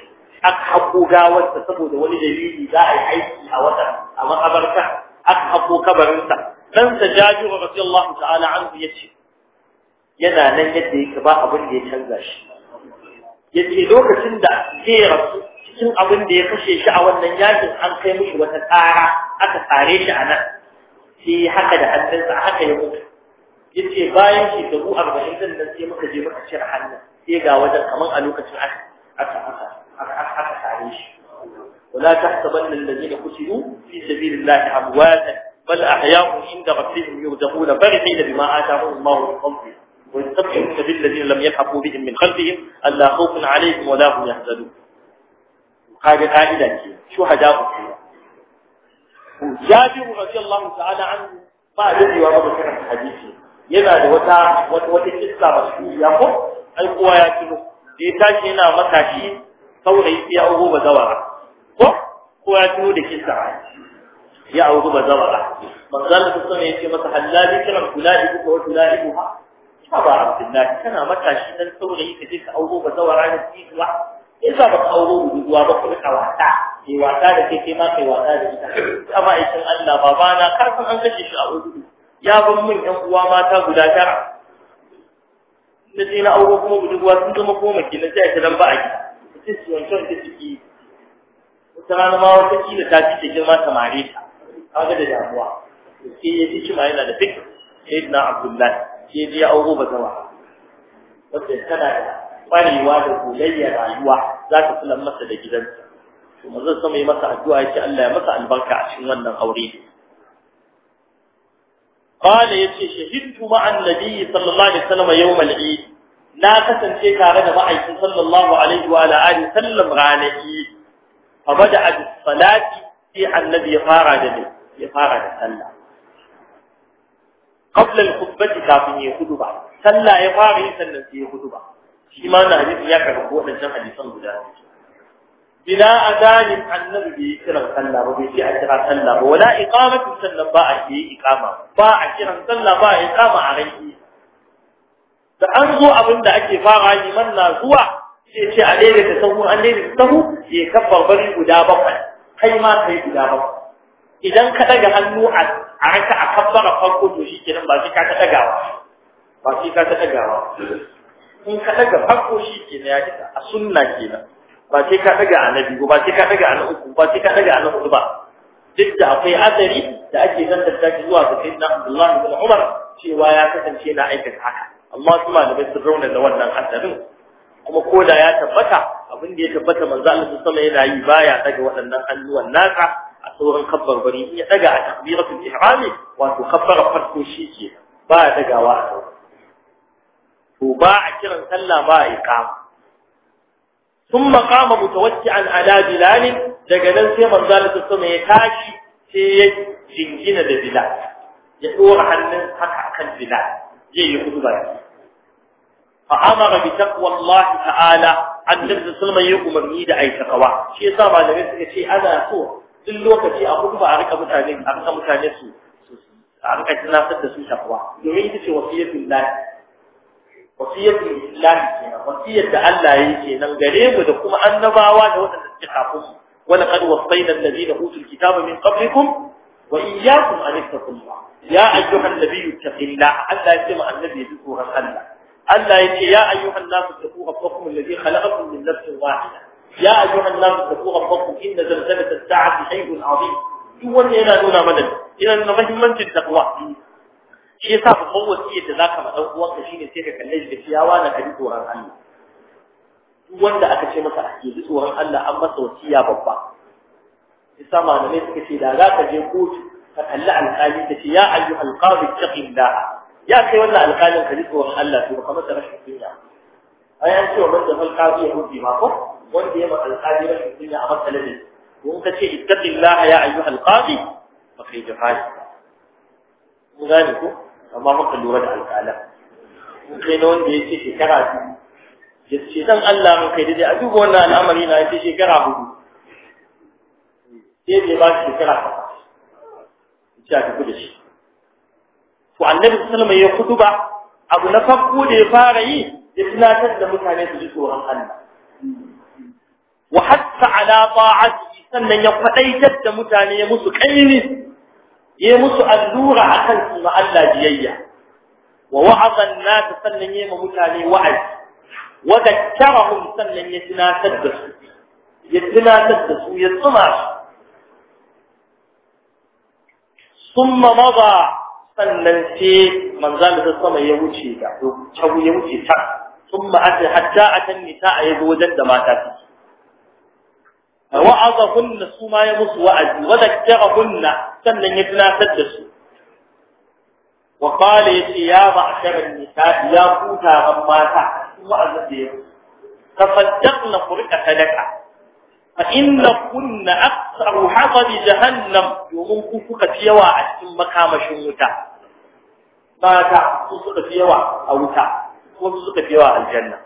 aka haƙo gawarsa saboda wani dalili za a yi aiki a watan a makabarta aka haƙo kabarinsa ɗansa jajiru radiyallahu ta'ala anhu ya ce yana nan yadda yake ba abin da ya canza shi ya lokacin da zai rasu cikin abin da ya kashe shi a wannan yakin an kai mishi wata tsara aka tsare shi a nan sai haka da hannunsa haka ya mutu ya ce shi shekaru arba'in din nan sai muka je muka cire hannun sai ga wajen kamar a lokacin aka aka tsare shi ولا تحسبن الذين قتلوا في سبيل الله امواتا بل احياء عند ربهم يرزقون فرحين بما اتاهم الله من فضله واتقوا سبيل الذين لم يلحقوا بهم من خلفهم الا خوف عليهم ولا هم يحزنون هذه قاعده كي شو حجاب جابر رضي الله تعالى عنه ما ذي وابو بكر الحديثي يلا دوتا وات وات كيسا مسؤول يا خو اي قوا يا كيلو دي تاكي انا مكاشي يا ابو زورا. خو قوا كيلو دي كيسا يا ابو بدر من قال لك سنه يجي لا ذكر الغلاء بك وغلاء بها haba abdullahi kana matashi dan saurayi ka je ka auro ba zawara da ba. in za ba ka auro duwa ba kuma ka wata ke wata da ke kai ma kai wata da ita amma aikin Allah na kar san an kashe shi a wuri ya ban min ɗan uwa mata guda tara na je na auro kuma budurwa sun zama goma ke na sai ta dan ba a gida sai su wancan da ciki wata rana ma wata kila ta ci ta girma ta mare ta kaga da damuwa sai ya ci ma yana da fik sayyidina abdullahi ya je auro ba zawa wacce tana da kwarewa da koyayya rayuwa za ka kula masa da gidansa to zan sama yi masa addu'a yace Allah ya masa albarka a cikin wannan aure qala yace shahidtu ma annabi sallallahu alaihi wasallam yawm al-eid na kasance tare da ma'aikin sallallahu alaihi wa alihi sallam ranar eid fa bada as-salati sai annabi ya fara da ya fara da sallah qabla al-khutbati kafin ya hudu ba sallah ya fara yin sannan sai ya hudu ba shi ma na hadisi ya karɓi waɗancan hadisan guda bila adanin annabi bai yi kiran sallah ba bai ce a kira sallah ba wala iqamatu sannan ba a yi iqama ba a kiran sallah ba a iqama a ranki da an zo abin da ake fara yi man na zuwa sai ce a ta sahu an daidaita sahu ya kabbar bari guda bakwai kai ma kai guda bakwai idan ka daga hannu a a raka a kabbara farko to shi kenan ba shi ka ta dagawa ba shi ka ta dagawa in ka daga farko shi kenan ya kita a sunna kenan ba sai ka daga annabi ba sai ka daga annabi uku ba sai ka daga annabi hudu ba duk da akwai azari da ake zantanta shi zuwa ga sayyidina Abdullah ibn Umar cewa ya kasance na aikata haka amma kuma da bai sirrauna da wannan asarin kuma ko da ya tabbata abin da ya tabbata manzo Allah sallallahu alaihi wasallam yana yi baya daga waɗannan hannuwan naka a sauran kabbar bari in ya daga a takbiratul ihrami wato kabbara farko shi ke ba dagawa a to ba a kiran sallah ba a iqama ثم قام متوكئا al'ada بلال daga nan sai manzo Allah sama ya tashi sai ya jingina da bilal ya dora hannun haka akan bilal zai yi kutuba fa amara bi taqwallah ta'ala annabi sallallahu alaihi wasallam ya umarni da ai taqwa shi yasa malamai suka ce ana so duk lokaci a hudu ba a rika mutane a rika mutane su a rika tunatar da su takwa domin ita ce wasiyatul lahi wasiyatul lahi kenan wasiyar da Allah ya yi nan gare mu da kuma annabawa da waɗanda suke kafin su wala qad wasayna alladhina utul kitaba min qablikum wa iyyakum an tattaqullah ya ayyuhan nabiyyu taqillah Allah ya ce ma annabi duk ran Allah Allah ya ce ya ayyuhan nasu taqu rabbakum alladhi khalaqakum min nafsin wahidah يا ايها الناس اتقوا ربكم ان زلزله الساعه شيء عظيم duk wanda yana nuna mana yana nuna mahimmancin takwa shi yasa شيء wasiyar da zaka ma dan uwanka shine sai ka kalle shi da ciyawa na kaji tsoron Allah duk wanda aka ce masa ake da tsoron Allah an masa wasiya babba yasa ne suka ce da za ka je kotu ka kalli alƙali ka ce ya ayyu alqadi taqillah ya kai wannan alƙalin ka ji tsoron Allah to ka masa rashin kunya ayan ce wa alƙali ya hudu ma ko wanda ya ma alƙali rashin kunya a matsalin in ka ce ittaqillah ya ayyuha alqadi fa kai jihadi mun gane ko amma muka lura da alƙalin. mun kai na wanda ya ce shekara ya ce dan Allah mun kai dai a duba wannan al'amari na ya ce shekara hudu sai bai ba shi shekara ta ce a tafi da shi to annabi salma ya kutuba abu na farko da ya fara yi ya tunatar da mutane su ji tsoron Allah وحتى على طاعته سنة يقضي جد متان يمس كيل يمس الزور عقل سنة ألا جيئة ووعظ الناس سنة يمتان وعد وذكرهم سنة يتناسدس يتناسدس ويتناس ثم مضى sannan في manzali da sama ya wuce da ثم wuce ta kuma hatta hatta annisa ayi gojen wa'azahunna su suma ya musu wa'azi wa zakkarahunna sannan ya tunatar da su wa qala yace ya ma'sharan nisa ya kuta ban mata wa'azi da ya tafaddaqna qur'a sadaka A inna kunna aktsaru da jahannam domin ku suka fi yawa a cikin makamashin wuta mata su suka fi yawa a wuta kuma su suka fi yawa a aljanna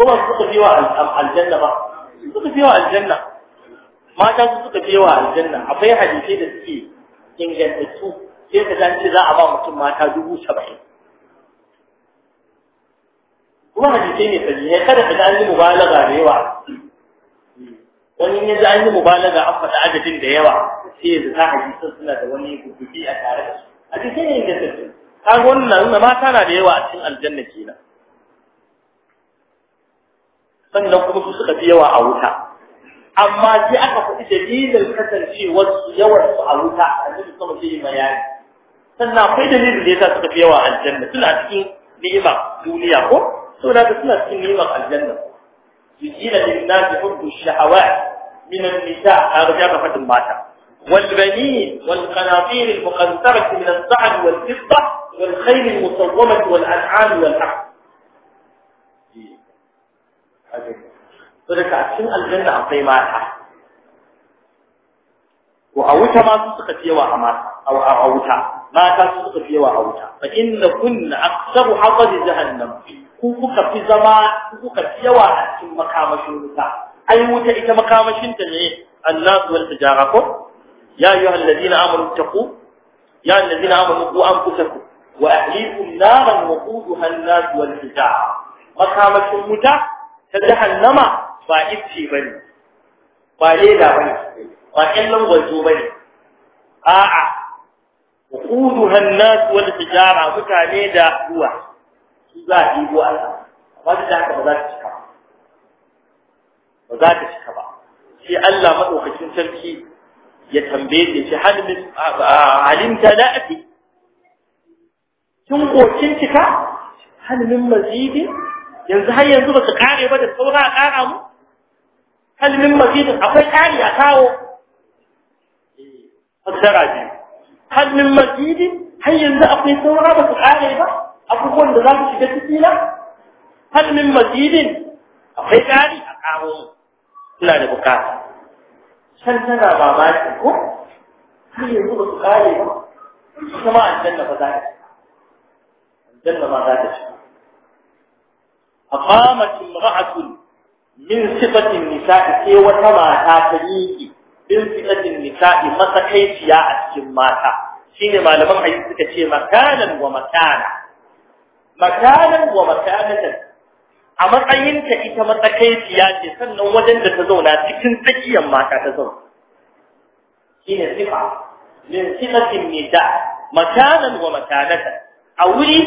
kuma su suka wa aljanna ba su suka wa aljanna mata su suka wa aljanna akwai hadisi da suke ingantattu sai ka dace za a ba mutum mata dubu saba'in kuma hadisi ne sani ne kada ka ga an yi mubalaga da yawa wani ne za an yi mubalaga an faɗa adadin da yawa sai da ta hadisan suna da wani gudubi a tare da su hadisi ne yin da kaga wannan mata na da yawa a cikin aljanna kenan sannan kuma su suka fi yawa a wuta amma sai aka faɗi dalilin kasancewar su yawan su a wuta a cikin sama sai bayani sannan akwai dalilin da yasa suka fi yawa a aljanna suna cikin ni'imar duniya ko saboda ka suna cikin ni'imar aljanna yujina lillahi hubbu shahawat min an-nisa a ga fatin mata والبنين والقناطير المقنطرة من الذهب والفضة والخيل المصومة والأنعام والحق to daga cikin aljanna akwai mata ko a wuta ma su suka fi yawa a wuta mata su suka fi yawa a wuta fa inna kunna aktsaru haqqi jahannam ku kuka fi zama ku kuka fi yawa a cikin makamashin wuta ai wuta ita makamashin ta ne annas wal tijara ko ya ayyuha alladhina amanu taqu ya alladhina amanu qu anfusakum wa ahlikum naran waquduha an-nas wal tijara makamashin wuta ta jahannama ba ice ba ne ba leda ba ne ba ƙyallon gwazo ba ne a'a hudu hannasu wani tijara mutane da ruwa su za a ɗigo Allah ba da haka ba za ta cika ba za ta cika ba sai Allah maɗaukacin sarki ya tambaye shi halin halimta la'ati kin kokin cika halimin mazidin yanzu har yanzu ba su kare ba da saura a kara mu hal min mazidin akwai kari a kawo fassara biyu hal min mazidin har yanzu akwai saura ba su kare ba abubuwan da za su shiga ciki na hal min mazidin akwai kari a kawo mu ina da bukata can tana mamaki ko har yanzu ba su kare ba kuma aljanna ba za ta ci aljanna ma za ta ci أقامت امرأة من صفة النساء في وتما تاتنيه من صفة النساء ما مسكيتيا أسكن ماتا شين ما لم حيث تكتشي مكانا ومكانا مكانا ومكانا a matsayinta ita matsakaiciya ce sannan wajen da ta zauna cikin tsakiyar mata ta zauna shi ne sifa min sifatin nida makanan wa makanata a wuri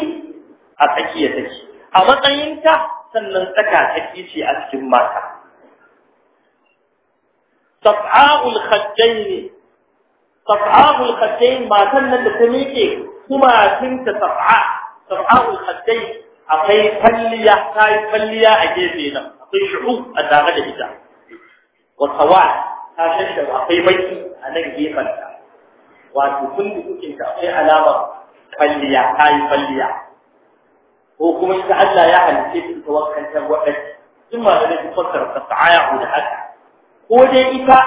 a tsakiyar take a matsayinta sannan tsaka ta ce a cikin mata sab'a'ul ne. sab'a'ul khaddain matan nan da ta miƙe kuma tun ta sab'a sab'a'ul khaddain akwai falliya ta yi falliya a gefe nan akwai shu'u a tare da ita wa sawa ta shashar akwai baki a nan gefen ta wato kun da kuke ta akwai alamar falliya ta yi falliya ko kuma ita Allah ya halice ta tawakkalta wadaki sun malamai su fassara ta ta'ayu da haka ko dai ita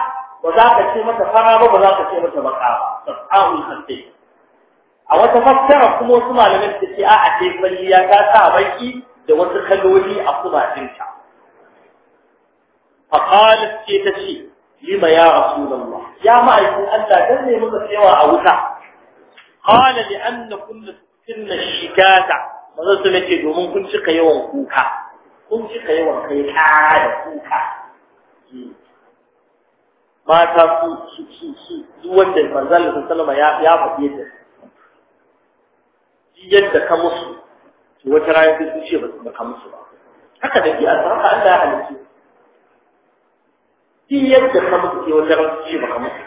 ba za ka ce mata fara ba ba za ka ce mata baka ba ta'ayu hasse a wata fassara kuma wasu malamai su ce a a ce kwalliya ta sa baki da wasu kaloli a kumatinta faqalat ce ta ce lima ya rasulullah ya ma'aikin Allah dan ne muka tsewa a wuta qala li annakum tunna shikata manzo su ke domin kun cika yawan kuka kun cika yawan kai kara da kuka mata su su su su duk wanda manzo sallama ya ya faɗi da yadda ka musu to wata rayuwa sai su ce ba ka musu ba haka da ke albarka Allah ya halice shi yadda ka wata ke wanda ce ba ka musu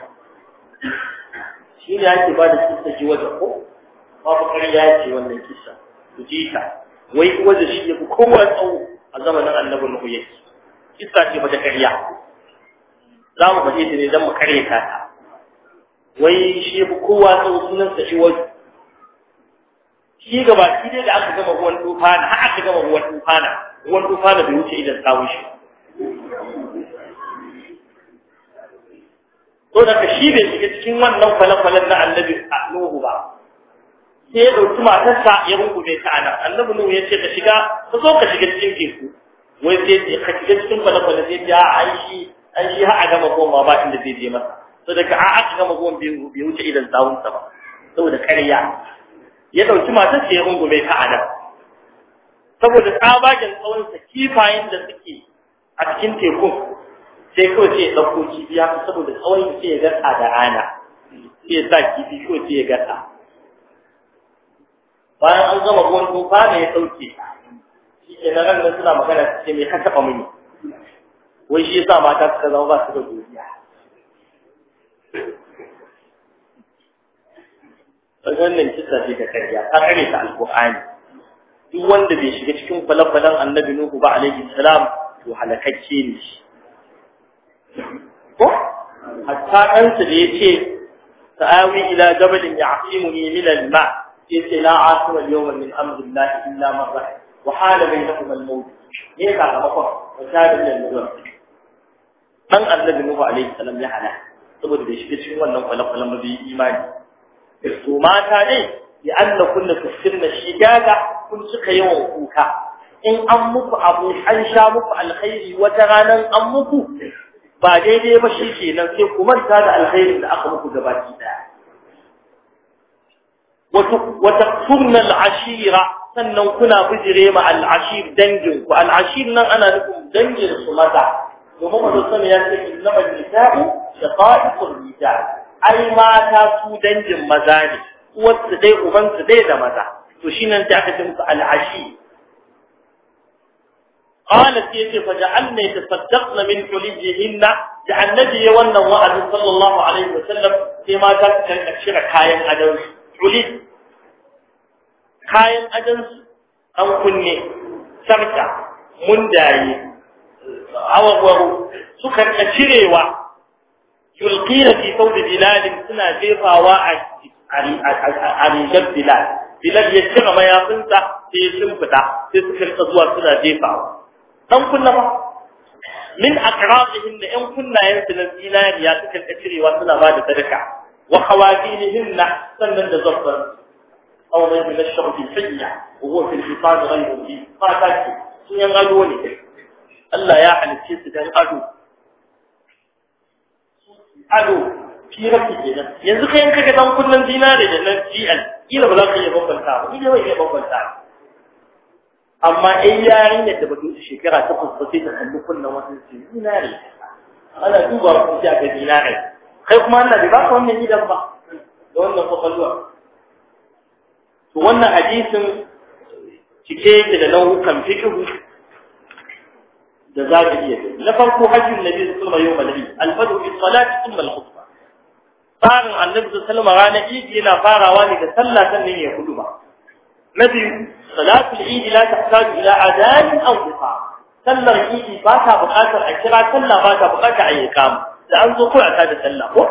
shi ne ake ba da kisa ji wata ko babu kar ya ce wannan kisa ku ji ta wai kuwa da shi ya fi kowa tsawo a zamanin annabi nuhu yake ce bata karya za mu faɗe ta ne don mu karya ta wai shi ya fi kowa tsawo sa shi wani shi gaba shi ne da aka gama ruwan tufana har aka gama ruwan tufana ruwan tufana bai wuce idan tsawon shi to ka shi bai shiga cikin wannan kwale-kwalen na annabi nuhu ba sai ya ɗauki matarsa ya rungume ta ana annabi nuhu ya ce ka shiga ka zo ka shiga cikin teku wai sai ce ka shiga cikin kwale-kwale sai ce a an shi an shi har a gama goma ba inda zai je masa saboda ka a a gama goma bai wuce idan sawunsa ba saboda karya ya ɗauki matarsa ya rungume ta ana saboda tsabagen tsawonsa kifayen da suke a cikin tekun sai kawai sai ya ɗauko kifi saboda tsawon sai ya gasa da rana sai ya sa kifi ko sai ya gasa bayan an gama ruwan tufa da ya sauke shi ke na ranar suna magana su ce mai ka taɓa mini wai shi yasa mata suka zama ba su da godiya wannan kisa ce da karya ta kare ta alƙur'ani duk wanda bai shiga cikin falafalan annabi nuhu ba alaihi salam to halakacce ne shi ko hatta ɗansa da ya ce sa'awi ila jabalin ya'simuni min al-ma' yace la asu wal yawma min amrillahi illa man rahim wa hala bainahuma al maut ne ka ga makon wa shadin da nuzur dan annabi nuhu alaihi salam ya hana saboda da shi cikin wannan kwalakwalan mabi imani to mata ne ya anna kunna tusirna shigaga kun suka yawan kuka in an muku abu an sha muku alkhairi wata ranar an muku ba daidai ba shi kenan sai ku manta da alkhairin da aka muku gabaki daya وتقفرن العشيرة sannan kuna bijire ma al'ashir dangin ku al'ashir nan ana nufin dangin su maza domin wannan sama ya ce da man nisa'u shaqa'iqul nisa ai mata su dangin maza ne uwar su dai su da maza to shine ta aka ce musu al'ashir قالت يتي فجعلنا يتصدقن من حليهن جعل النبي وانا وعد صلى الله عليه وسلم فيما تكشر كاين عدوش ulil kayan ajansu an kunne sarka mundaye awagwaro suka rika cirewa yulqina fi sawd bilal suna jefawa a rigar bilal bilal ya cire mayafinsa sai sun fita sai suka rika zuwa suna jefawa dan kunna ba min akrabihim da yan kunnayen su na zinariya suka rika cirewa suna ba da sadaka وخواتيمهن سنن ذكر أو ما من الشرب الحية وهو في الحصان غير مبين فاتاكي سنين غدوني Allah ya halicce su dan ado ado fi rafi yanzu kai in kaga dan kullun dinare da nan GL kila ba za ka iya bambanta ba kila bai iya bambanta amma ai yarinyar da bata wuce shekara takwas ba sai ta kalli kullun wasu dinare ana duba ko sai ga dinare kai kuma Allah ba ka wannan idan ba da wannan kwakwalwa to wannan hadisin cike yake da nau'ukan fikihu da za ka iya na farko hajjin nabi sallallahu alaihi wasallam al-fadhu bi salati thumma al-khutbah tsarin annabi sallallahu alaihi ranar idi yana farawa ne da sallah sannan ya hudu ba na biyu salatul idi la tahtaju ila adalin aw duha sallar idi ba ta buƙatar a kira sallah ba ta buƙatar a yi kama da an zo kawai a tada sallah ko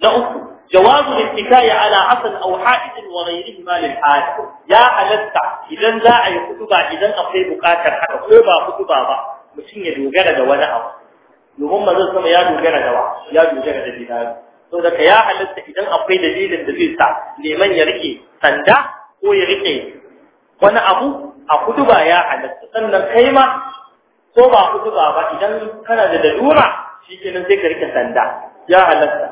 na uku Jawabu ittikai ala hasan aw ha'id wa ghayrihi ma lil hajj ya halatta idan za a yi kutuba idan akwai bukatar haka ko ba kutuba ba mutum ya dogara da wani abu domin manzon sama ya dogara da wa ya dogara da dinari to da ya halatta idan akwai dalilin da zai sa neman ya rike sanda ko ya rike wani abu a kutuba ya halatta sannan kai ma ko ba kutuba ba idan kana da dalura shi kenan sai ka rike sanda ya halatta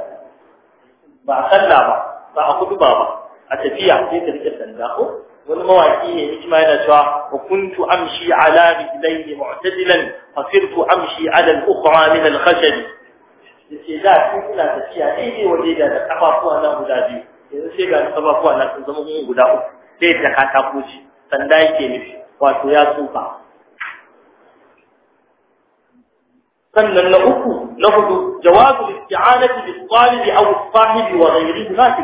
ba a sallah ba ba a kudu ba ba a tafiya sai ka rike sanda ko wani mawaki ne ma yana cewa wa kuntu amshi ala rijlaini mu'tadilan fa sirtu amshi ala al-ukhra min al-khashab yace da shi ina tafiya sai dai waje da kafafuwa na guda biyu yanzu sai ga kafafuwa na sun zama guda uku sai ta kata kuci sanda yake nufi wato ya tsufa sannan na uku na hudu jawazu isti'anati bis talib aw sahibi wa ghayrihi ma fi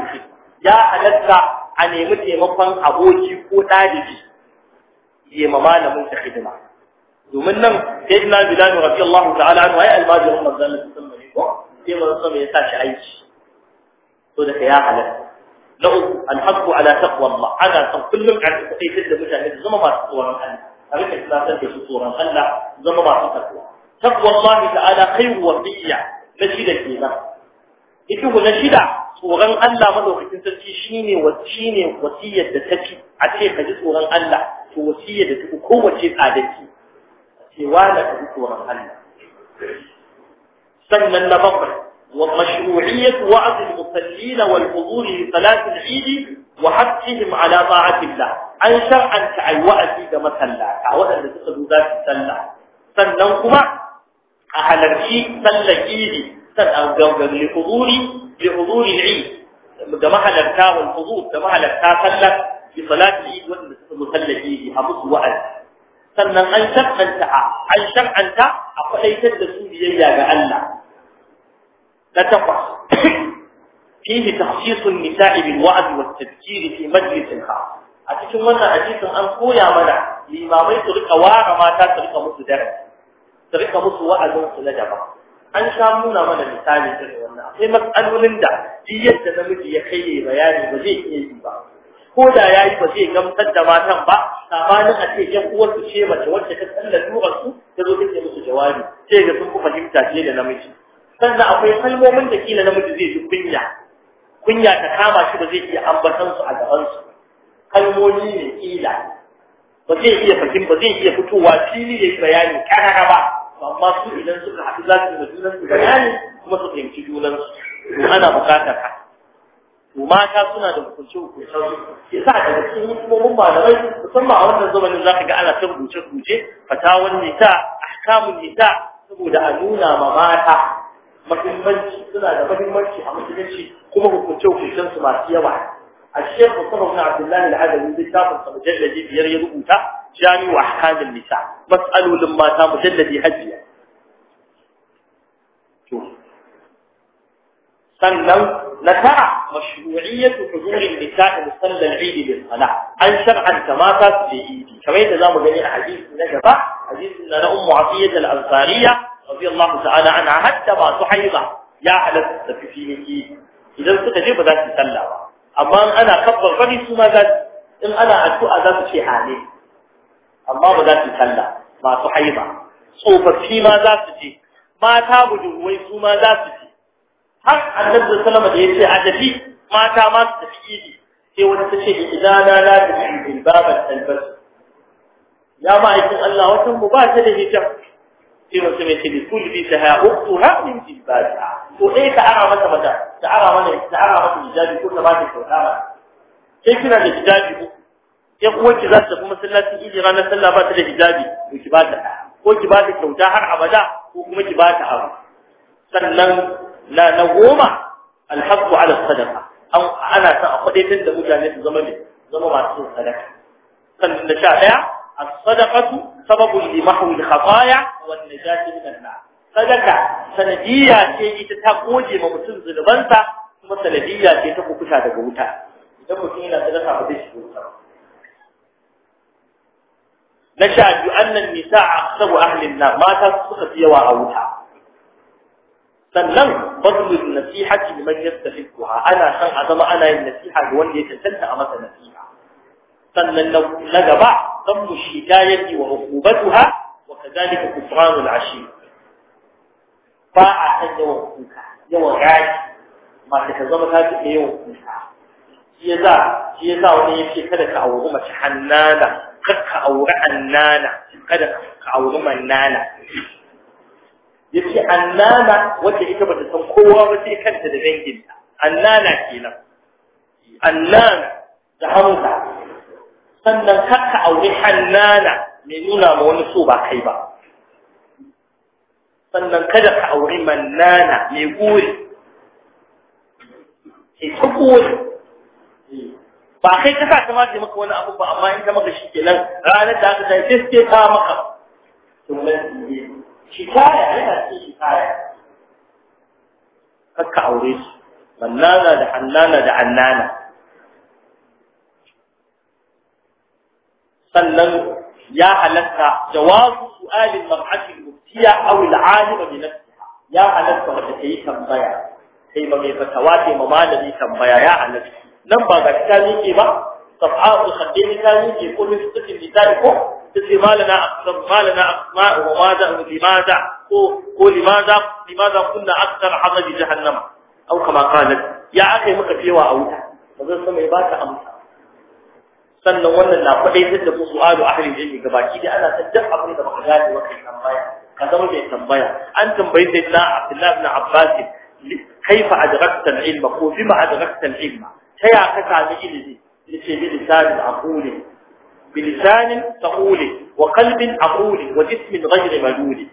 ya halatta a nemi taimakon aboki ko dalibi ya ma malamin ta hidima domin nan sayyidina bilal radiyallahu ta'ala anhu ay almajir Umar sallallahu alaihi wasallam ko sai mun san ya tashi aiki to da ya halatta na uku alhaqqu ala taqwa Allah ana san kullum a cikin da mutane da zama masu tsoron Allah a rike tsatsar da su tsoron Allah zama masu taqwa تقوى الله Na shida kenan, نشيدة كينا na shida tsoron Allah madaukakin sarki shine shine wasiyar da tafi a ce ka ji tsoron Allah to wasiyar da tafi kowace tsadaki ce wala ka ji tsoron Allah sannan na bakwai wa mashru'iyyat wa'd al-musallin wal hudur li salat al-eid wa haqqihim ala ta'ati Allah an shar'anta ay wa'azi ga masallata waɗanda suka zo za salla sannan kuma a halarci sallar idi sannan gangan lihuduri lihuduri al'id da mahalarta wal hudur da mahalarta sallar bi salati idi wanda suka musalla idi a musu wa'azi sannan an shar'anta an shar'anta a faɗaitar da su biyayya ga Allah na takwas فيه تخصيص النساء بالوعد والتذكير في مجلس الخاص a cikin wannan hadisin an koya mana limamai su rika ware mata su rika musu darasi su rika musu wa'azin su na daban an sha nuna mana misali irin wannan akwai matsalolin da duk yadda namiji ya kai yayi bayani ba zai iya yi ba ko da ya yi ba zai gamsar da matan ba sabanin a ce yan uwarsu ce mace wacce ta tsalla duwar su ta zo take musu jawabi sai da sun fahimta ce da namiji sannan akwai kalmomin da kila namiji zai ji kunya kunya ta kama shi ba zai iya ambatansu a gaban su kalmomi ne kila ba zai iya fahimta ba zai iya fitowa fili ya yi bayani karara ba amma su idan suka haɗu za su yi junan su bayani kuma su fahimci junan su to ana buƙatar haka to mata suna da hukunce hukunce ya sa daga cikin hukumomin malamai musamman a wannan zamanin za ka ga ana ta rubuce rubuce fatawan nita ahkamun nita saboda a nuna ma mata muhimmanci suna da muhimmanci a musulunci kuma hukunce hukuncen su masu yawa الشيخ مصطفى بن عبد الله العدوي بالكافر فمجلد يريد أنت جامع أحكام النساء فاسألوا لما تام مجلد هجية سنن نتاع مشروعية حضور النساء مستند العيد للصلاة عن شرعا كما تات في إيدي كما يتزام جميع حديث نجفة حديث أن أم عطية الأنصارية رضي الله تعالى عنها حتى ما تحيضه يا أهل السفسين إيدي إذا كنت تجيب ذات سلامة amma ana kabbar fari su ma za in ana addu'a za su ce hale amma ba za su talla, masu haiba tsofaffi ma za su je mata budurwai su ma za su je har annabi sallama da ya a tafi mata ma su tafi idi sai wata ta ce idana la la ta bil babal albas ya aikin Allah watan mu ba ta da hijab sai mutum ya ce bi kulli ta ha uktuha min jilbatiha to dai ka ara mata mata ka ara mana ta ara mata hijabi ko ta ba ta kyauta ba sai kina da hijabi ko sai kuma ki za ta tafi masallacin idi ranar sallah ba ta da hijabi to ki ba ta ko ki ba ta kyauta har abada ko kuma ki ba ta abu sannan na na goma alhaqqu ala sadaqa an ana ta a kwadaitar da mutane su zama ne zama masu sadaka sannan da sha daya as-sadaqatu sababun li mahwi al-khataaya wan najati min an-nar sadaka sanadiyya ce ita ta goge ma mutum zulubansa kuma sanadiyya ce ta kukuta daga wuta idan mutum yana sadaka ba zai shiga wuta na sha biyu annan nisa a sabu ahlin na mata suka fi yawa a wuta sannan bazlul nasihati liman yastahiquha ana san a zama ana yin nasiha ga wanda ya tantance a masa nasiha sannan na gaba dan mushidayati wa uqubatuha wa kadhalika kufranul ashir ba a san yawan kuka yawan raki mace ka zama ta fi yawan kuka shi ya za shi ya za wani ya ce kada ka auri mace hannana kar ka auri annana kada ka auri mannana ya ce annana wacce ita ta san kowa ba sai kanta da danginta annana kenan annana da hamza sannan kar ka auri hannana mai nuna ma wani so ba kai ba sannan kada ka auri mannana mai gori ke ta gori ba kai ka sa ta ma maka wani abu ba amma in ta maka shi kenan ranar da aka tafi sai ta maka sunan shi kaya yana ce shi kaya kakka aure su mannana da hannana da annana sannan ya halatta jawabu su'alin mab'atil hiya aw al-alima bi nafsiha ya halatta mace ta yi tambaya sai ma mai fatawa ce ma malami tambaya ya halatta nan ba ga ta nike ba sab'atu khaddin ta nike ko fitin lisan ko tace malana akthar malana asma'u wa madha wa limadha ko ko limadha limadha kunna akthar hadab jahannama aw kama qalat ya akai muka fiwa a wuta bazan san ba baka amsa sannan wannan na kwadai da su su'alu ahli jini gabaki da ana san duk abin da baka gane wa kai tambaya ka zama mai tambaya an tambayi sai na Abdullahi ibn Abbas kaifa adrakta al-ilma ko bima adrakta al-ilma ta ya ka sami ilimi yace bi lisanin aquli bi lisanin taquli wa qalbin aquli wa jismin ghayri maluli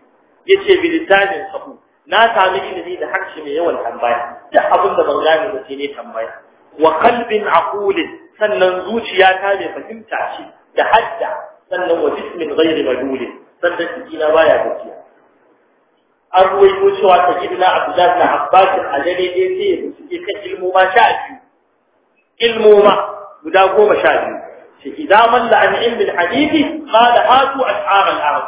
yace bi lisanin taquli na sami ilimi da harshe mai yawan tambaya duk abin da ban gane ba ne tambaya wa qalbin aquli sannan zuciya ta bai fahimta shi da hadda sannan wa jismin ghayri maluli sannan jikina baya gajiya an ruwaito cewa ta gidina abdullahi na abbasin a dare ne sai ya bincike kan ilmoma sha biyu ilmoma guda goma sha biyu shi idan malla an ilmin hadisi ma da hatu a al-arab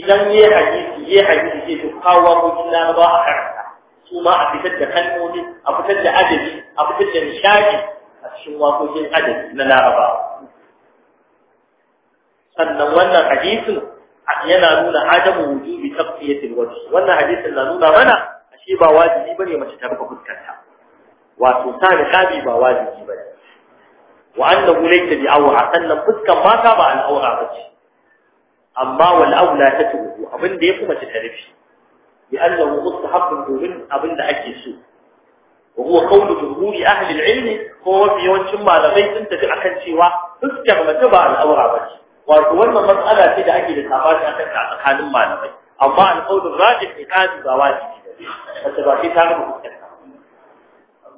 idan yayi hadisi yayi hadisi sai ku kawo mu ba a karanta su ma a fitar da kalmomi a fitar da adadi a fitar da nishadi a cikin waƙoƙin adadi na larabawa sannan wannan hadisin yana nuna adamu wujubi taqfiyatil wajh wannan hadisin na nuna mana ashe ba wajibi bane mace ta rufe fuskarta wato sa niqabi ba wajibi bane wa annahu laysa bi awra sannan fuskan mata ba al'aura bace amma wal aula tatubu abinda yafi mace ta rufe bi annahu mustahabbun domin abinda ake so وهو قول جمهور أهل العلم هو في يوانشما لغيث انت cewa شيوا فسكر متبع الأورا بجي wato wannan matsala ce da ake da a akan ta tsakanin malamai amma alƙawlin rajin iqadi ba wajibi ne wata ba sai ta rubu hukunta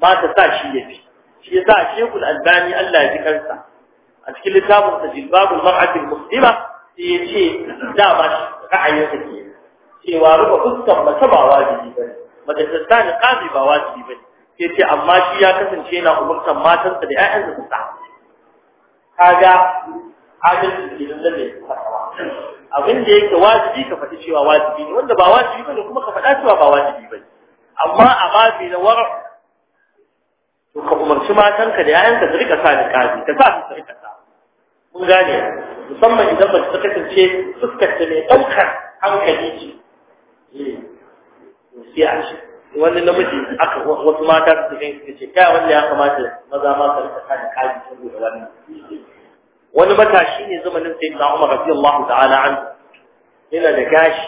ba ta sa shi yafi shi yasa Sheikhul Albani Allah ya ji kansa a cikin littafin sa Jilbabul Mar'atil Muslima sai ya ce da ba shi ra'ayin sa ke cewa ruba fuskar mace ba wajibi bane mace ta sani qadi ba wajibi bane sai ce amma shi ya kasance yana umurtar matansa da ƴaƴansa su sa kaga adalci ke lalle ne takawa abin da yake wajibi ka faɗi cewa wajibi ne wanda ba wajibi bane kuma ka faɗa cewa ba wajibi bane amma a babi na wara to ka umarci matanka da yayanka su rika sa niqabi ka sa su rika sa mun gane musamman idan ba ta kasance fuskar ta mai ɗaukar hankali ce eh, sai a ce wani namiji aka wasu mata su ce kai wanda ya kamata maza ma su rika sa niqabi saboda wannan wani matashi ne zamanin sai na Umar radiyallahu ta'ala an yana da gashi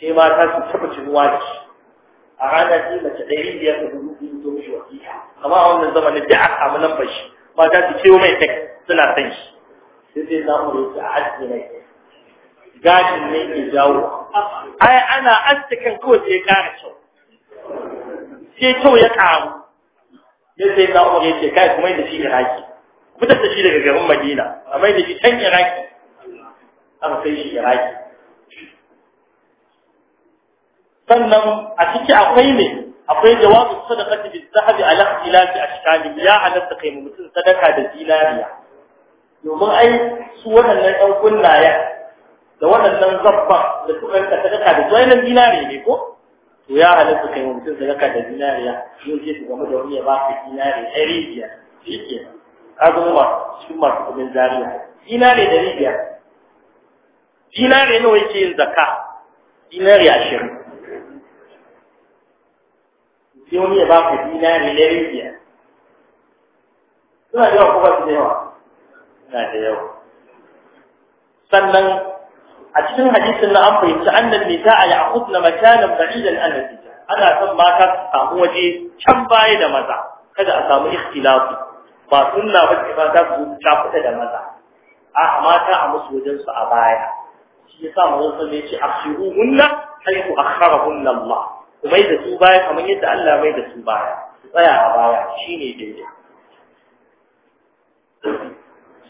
sai ta su taba cinuwa da shi a ranar sai mace ɗari biyar da dubu biyu zo shi wasiƙa amma a wannan zamanin da aka samu lambar shi mata su ce mai tek suna san shi sai sai na Umar ya ce a ajiye mai gashin ne ke jawo ai ana ajiye kan kawai sai ya ƙara kyau sai kyau ya ƙaru sai sai na Umar ya ce kai kuma yadda shi haƙi fitar da shi daga garin madina a mai da shi can iraki aka kai shi iraki sannan a ciki akwai ne akwai jawabin sadaqati bi zahabi ala ikhtilafi ashkali ya halatta kai mutum sadaka da zinariya domin ai su waɗannan ɗan kunnaya da waɗannan zabban da suka yanka sadaka da su zinari ne ko to ya halatta kai mutum sadaka da zinariya yau sai su game da wani ya ba ka zinari ɗari biyar shi kenan ka cikin masu kudin zariya dinare dari biyar dinare nawa yake yin zaka dinare ashirin sai wani ya ba ku dinare dari biyar suna yawa ko ba su yawa suna da yawa sannan a cikin hadisin na an fahimci annal nisa'a ya'khudna makanan ba'idan an nisa ana son mata a samu waje can baya da maza kada a samu ikhtilafu ba sunna ba ce ba za su cakuɗa da maza a mata a musu wajen su a baya shi yasa manzon sallallahu alaihi wasallam ya ce akhiruhunna haythu akharahunna Allah kuma da su baya kamar yadda Allah mai da su baya su tsaya a baya shine daidai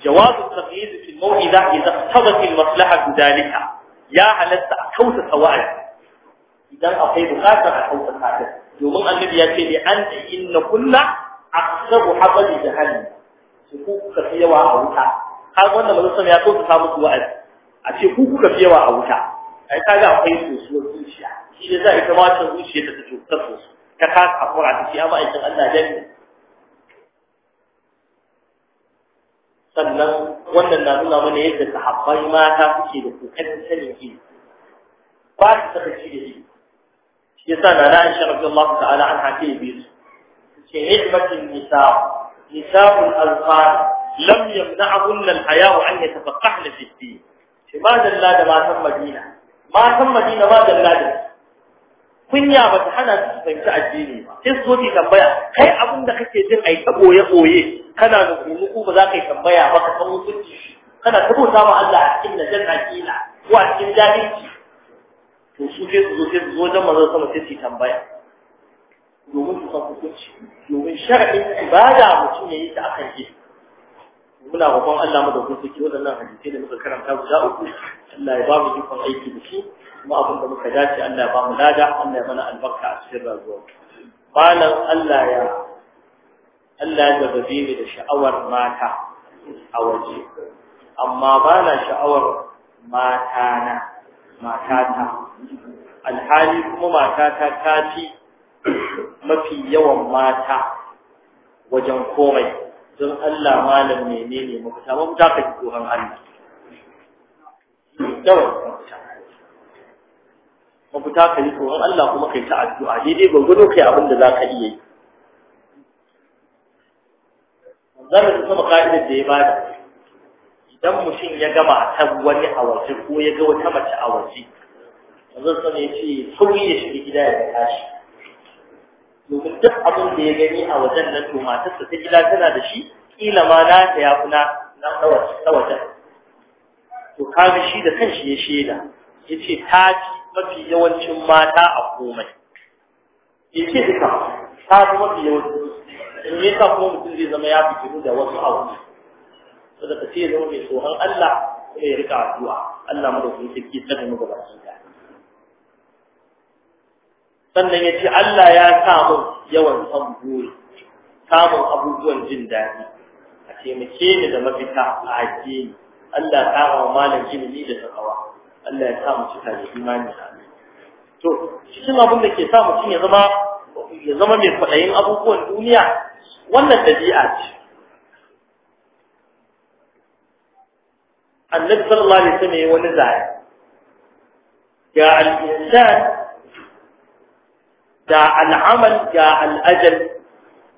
جواز التقييد في الموعظة إذا اقتضت ya ذلك a حلت أكوت idan akwai أقيد a أكوت خاطر domin annabi ya ce ne an da inna kunna aksabu habali jahannam su ku kuka fi yawa a wuta har wannan manzo ya so su wa'azi a ce ku kuka fi yawa a wuta ai kaga akwai sosuwar zuciya shi ne za a ta ma ta zuciya ta fito ta sosu ta kasa hakura ta ce amma aikin Allah ya ne sannan wannan na nuna mana yadda sahabbai mata suke da kokarin sanin ilimi ba su saka ci da shi shi yasa na na Aisha radiyallahu ta'ala an ta bi su. كعلمة النساء نساء الألقان لم يمنعهن الحياء أن يتفقحن في الدين لماذا لا ما تم مدينة ما تم مدينة ماذا لا kunya ba ta hana su fahimci addini ba sai su zoke tambaya kai abin da kake jin ai ta boye boye kana da kunuku ba za ka yi tambaya ba ka san mutunci kana ta bauta ma Allah a cikin najan akila ko a cikin jahilci to su sai su zo sai su zo wajen manzon sama sai su tambaya domin su san hukunci domin shar'in ibada mutum ya yi ta akan yi muna roƙon Allah mu da hukunci waɗannan hadisai da muka karanta guda uku Allah ya ba mu ikon aiki da shi kuma abin da muka dace Allah ya ba mu lada Allah ya mana albarka a cikin rayuwa malam Allah ya Allah ya gababe ni da sha'awar mata a waje amma ba na sha'awar matana matata alhali kuma matata ta ci mafi yawan mata wajen komai don Allah malam menene mafita mafita ka ji tsoron Allah yawan mafita mafita ka ko tsoron Allah kuma kai ta addu'a daidai gwagwado kai abin da za ka iya yi zan da kuma ka'idar da ya bada idan mutum ya gama ta wani a waje ko ya ga wata mace a waje zan sani ya ce sauri ya shiga gida ya tashi domin duk abin da ya gani a wajen nan to matarsa ta gida tana da shi kila ma na ta ya fi na wajen to kaga shi da kan shi ya shaida ya ce ta ci mafi yawancin mata a komai ya ce duka ta fi mafi yawancin in ya sa kuma mutum zai zama ya fi da wasu abu sadaka ka ya zama mai tsohon Allah kuma ya rika addu'a Allah madaukakin sarki ki tsaka mu gaba sannan ya ce Allah ya samu yawan son buri samun abubuwan jin daɗi a taimake ni da mafita a addini Allah ya kama malam ilimi da takawa Allah ya samu cika da imani to cikin abin da ke sa mutum ya zama ya zama mai kwaɗayin abubuwan duniya wannan dabi'a ce annabi sallallahu alaihi wasallam ya wani zai ga al-insan جاء العمل جاء الأجل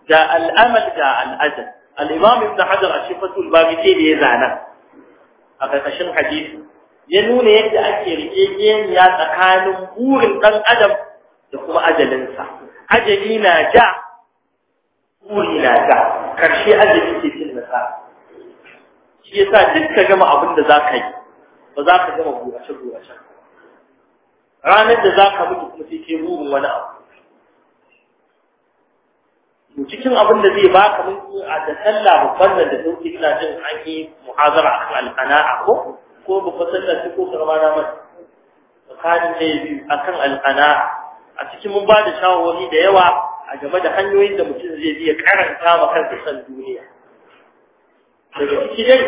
جاء الأمل جاء الأجل الإمام ابن حجر الشفة البابتي ليزانا أقرقشن حديث ينون يبدأ أكير إيجين يا تقانم بور القن أدم لكم أجل انسى أجلنا جاء بورنا جاء كرشي أجل في المساء shi ya sa duk ka gama abin da za ka yi ba za ka gama burace-burace ranar da za ka mutu kuma sai ke burin wani abu cikin abin da zai baka mun a da sallah babban nan da sauki ina jin an yi muhazara akan alqana'a ko ko ba ku sallah ko karama na mai tsakanin da a akan alqana'a a cikin mun ba da shawarwari da yawa a game da hanyoyin da mutum zai biya karanta ma kansa san duniya daga ciki dai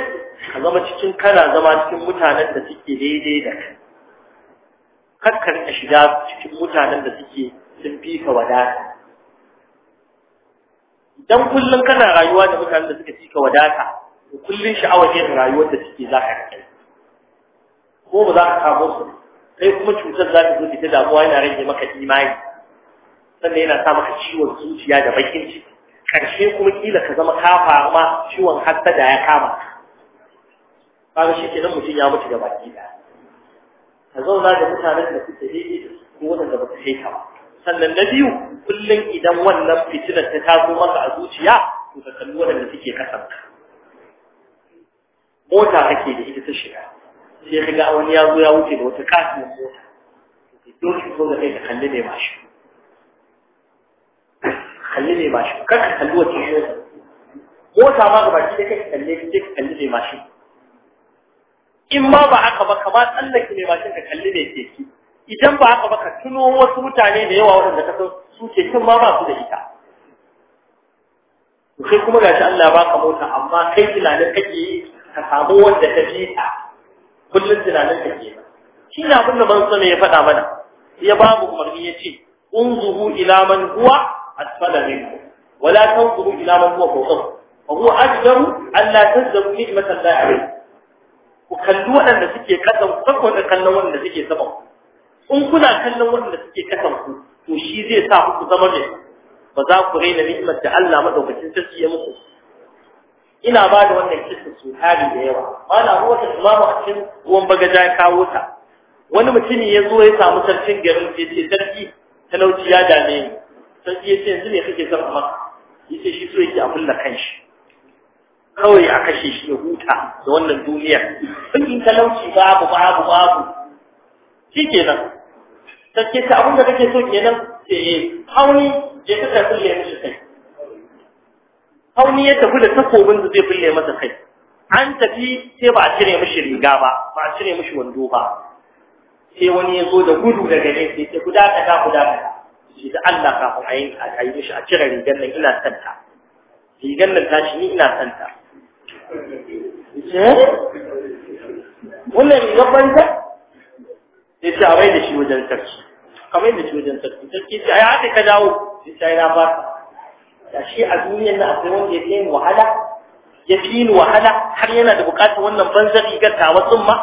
ka zama cikin kana zama cikin mutanen da suke daidai da kakkar ka shiga cikin mutanen da suke sun fi ka wadata dan kullun kana rayuwa da mutanen da suka cika wadata to kullun sha'awar yin rayuwar da suke za ka kai ko ba za ka kawo su Sai kuma cutar za ta zo ta damuwa yana rage maka imani sannan yana sa maka ciwon zuciya da bakin ciki karshe kuma kila ka zama kafa ma ciwon hassada ya kama kaga shi kenan mutum ya mutu da baki da ka zauna da mutanen da suke da su ko wanda ba su sai ka ba sannan na biyu kullum idan wannan fitinar ta taso maka a zuciya to ka kalli waɗanda suke kasan ka mota kake da ita ta shiga sai ka ga wani ya zo ya wuce da wata kasuwar mota to doki ko da kai ka kalli ne mashi kalli ne mashi kar ka kalli wata mota mota ma ga baki da kai kalle ka kalli ne mashi in ma ba haka ba kamar tsallake ne mashin ka kalli ne ke ki idan ba haka ba ka tuno wasu mutane da yawa waɗanda ka san su ce kin ma ba su da ita kai kuma gashi Allah ba ka mota amma kai tunanin kake ka samu wanda ta fi ta kullum tunanin kake shi na abin da ban sani ya faɗa mana ya mu umarni ya ce unzuru ila man huwa asfala minkum wala tanzuru ila man huwa fawqakum wa huwa ajdaru an la tazzabu ni'matan alayhi ku kalli waɗanda suke kasan ku kallon waɗanda suke ku. in kuna kallon waɗanda suke kasan ku to shi zai sa ku zama ne ba za ku raina ni'imar da Allah madaukakin sarki ya muku ina ba da wannan kisan su da yawa na ruwa ta imamu a cikin ruwan bagaja ya kawo ta wani mutumi ya zo ya samu sarkin garin ya ce sarki talauci ya dame ni sarki ya ce yanzu ne kake son amma ya ce shi so yake a kulla kanshi kawai a kashe shi ya huta da wannan duniyar in talauci babu babu babu shi kenan sarki ta abinda kake so kenan eh hauni je ta tafi bulle mishi kai hauni ya tafi da takobin da zai bulle masa kai an tafi sai ba a cire mishi riga ba ba a cire mishi wando ba sai wani ya zo da gudu daga ne sai ce guda ta ka guda ta shi da Allah kafin a yi a yi mishi a cire rigar nan ina santa rigar nan tashi ni ina santa eh? wannan rigar banta sai ta bai da shi wajen sarki kamar yadda wajen sarki sarki sai ya haka ka dawo sai sai na ba da shi a duniyar na akwai wanda ya fi yin wahala ya fi yin wahala har yana da bukatar wannan banzar rigar tawa sun ma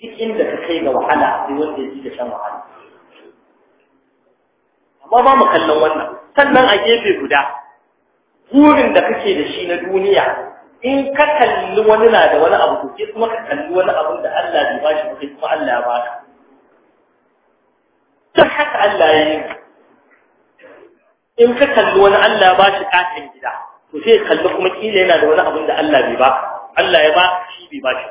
duk inda ka kai ga wahala akwai wanda ya ji da shan wahala amma ba mu kallon wannan sannan a gefe guda burin da kake da shi na duniya in ka kalli wani na da wani abu to kuma ka kalli wani abu da Allah bai bashi ba kai kuma Allah ya baka duk haka Allah ya yi in ka kalli wani Allah ba shi katon gida to sai kalli kuma kila yana da wani abin da Allah bai ba Allah ya ba shi bai ba shi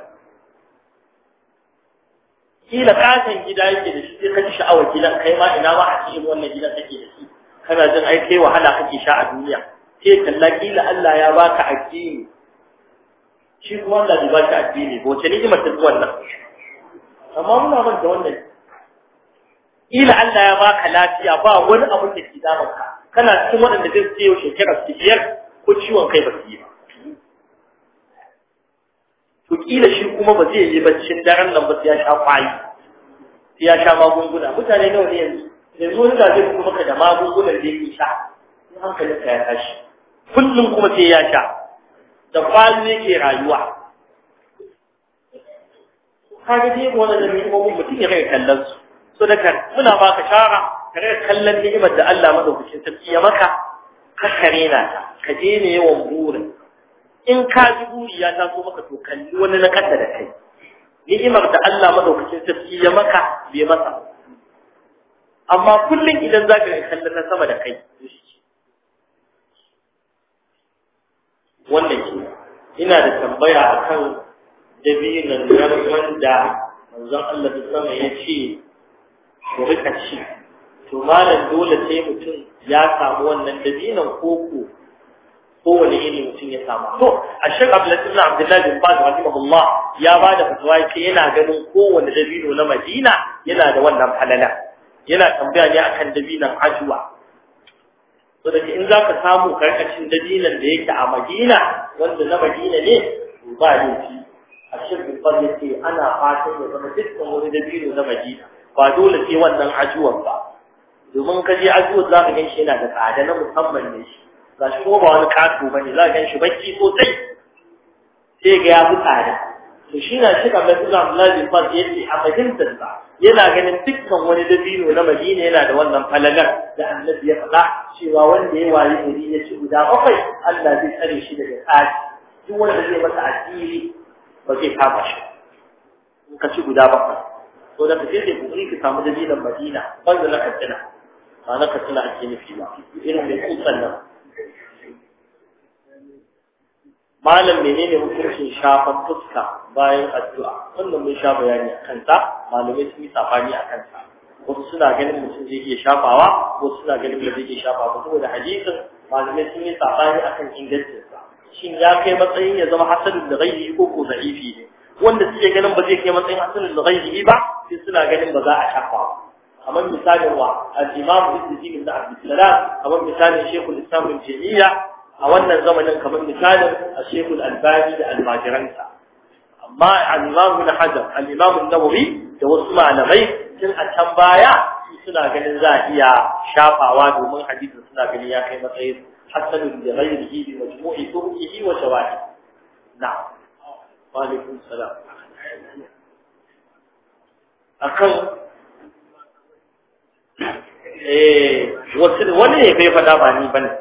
kila katon gida yake da shi sai ka ji sha'awar gidan kai ma ina ba a cikin wannan gidan kake da shi kana jin ai kai wahala kake sha a duniya sai kalla kila Allah ya baka addini shi kuma Allah bai shi addini ba wace ni'imar ta wannan amma muna manta wannan kila Allah ya baka lafiya ba wani abu da ke damun ka kana cikin waɗanda zai ce yau shekara biyar ko ciwon kai ba su yi ba to kila shi kuma ba zai yi baccin daren nan ba sai ya sha kwayi sai ya sha magunguna mutane nawa ne yanzu yanzu wani da zai kuma ka da magungunan da yake sha in hankalin ka ya tashi kullum kuma sai ya sha da ne yake rayuwa kaga dai wannan da mutum ya kai kallon su so da muna baka shara ka rika kallon ni'imar da Allah madaukakin sarki ya maka ka kare na ta ka je ne yawan burin in ka ji buriya ta taso maka to kalli wani na kasa da kai ni'imar da Allah madaukakin sarki ya maka bai masa amma kullum idan za ka kalli na sama da kai wannan ke ina da tambaya akan dabi'in nan wanda manzon Allah ta sama ya ce su rika ci to malam dole sai mutum ya samu wannan dabinan koko kowane iri mutum ya samu to a shek abdullahi abdullahi bin baz rahimahullah ya ba da fatawa yake yana ganin kowane dabino na madina yana da wannan halala yana tambaya ne akan dabinan ajwa to da in zaka samu karkacin dabinan da yake a madina wanda na madina ne to ba shi a shek bin baz yake ana fatan ya zama dukkan wani dabino na madina ba dole sai wannan ajuwan ba domin ka je ajuwan za ka gan shi yana da tsada na musamman ne shi ga shi kuma ba wani kato ba ne za ka gan shi bacci sosai sai ga ya fi tsada to shi na shi kamar su zamu lazi fas ya ce a fahimtar sa yana ganin dukkan wani dabino na madina yana da wannan falalar da annabi ya faɗa cewa wanda ya wayi gari ya ci guda bakwai Allah zai tsare shi daga tsari duk wanda zai masa asiri ba zai kama shi in ka ci guda bakwai to da kace da kuɗi ki samu dalilan Madina wanda na kaddana ba na kaddana a cikin shi ba irin da ku nan malam menene hukuncin shafa fuska bayan addu'a wannan mun sha bayani kan ta malamai sun yi a kan ta wasu suna ganin mutum zai iya shafawa wasu suna ganin ba zai iya shafawa ko da hadisin malamai sun yi safani akan ingancin sa shin ya kai matsayin ya zama hasadun da gaibi ko ko zaifi ne wanda suke ganin ba zai kai matsayin hasanul ghaibi ba sai suna ganin ba za a shafa kamar misalin wa al-imam ibn Sina ibn Abdullah kamar misalin Sheikh al-Islam ibn Taymiyyah a wannan zamanin kamar misalin Sheikh al-Albani da al-Majiransa amma al-imam ibn Hajar al-imam an-Nawawi da wasu malamai tun a can baya suna ganin za a iya shafawa domin hadisin suna ganin ya kai matsayin hasanul ghaibi bi majmu'i turkihi wa shawahi na'am alaikum salam akan eh wasu wani ne bai fada ba ni bane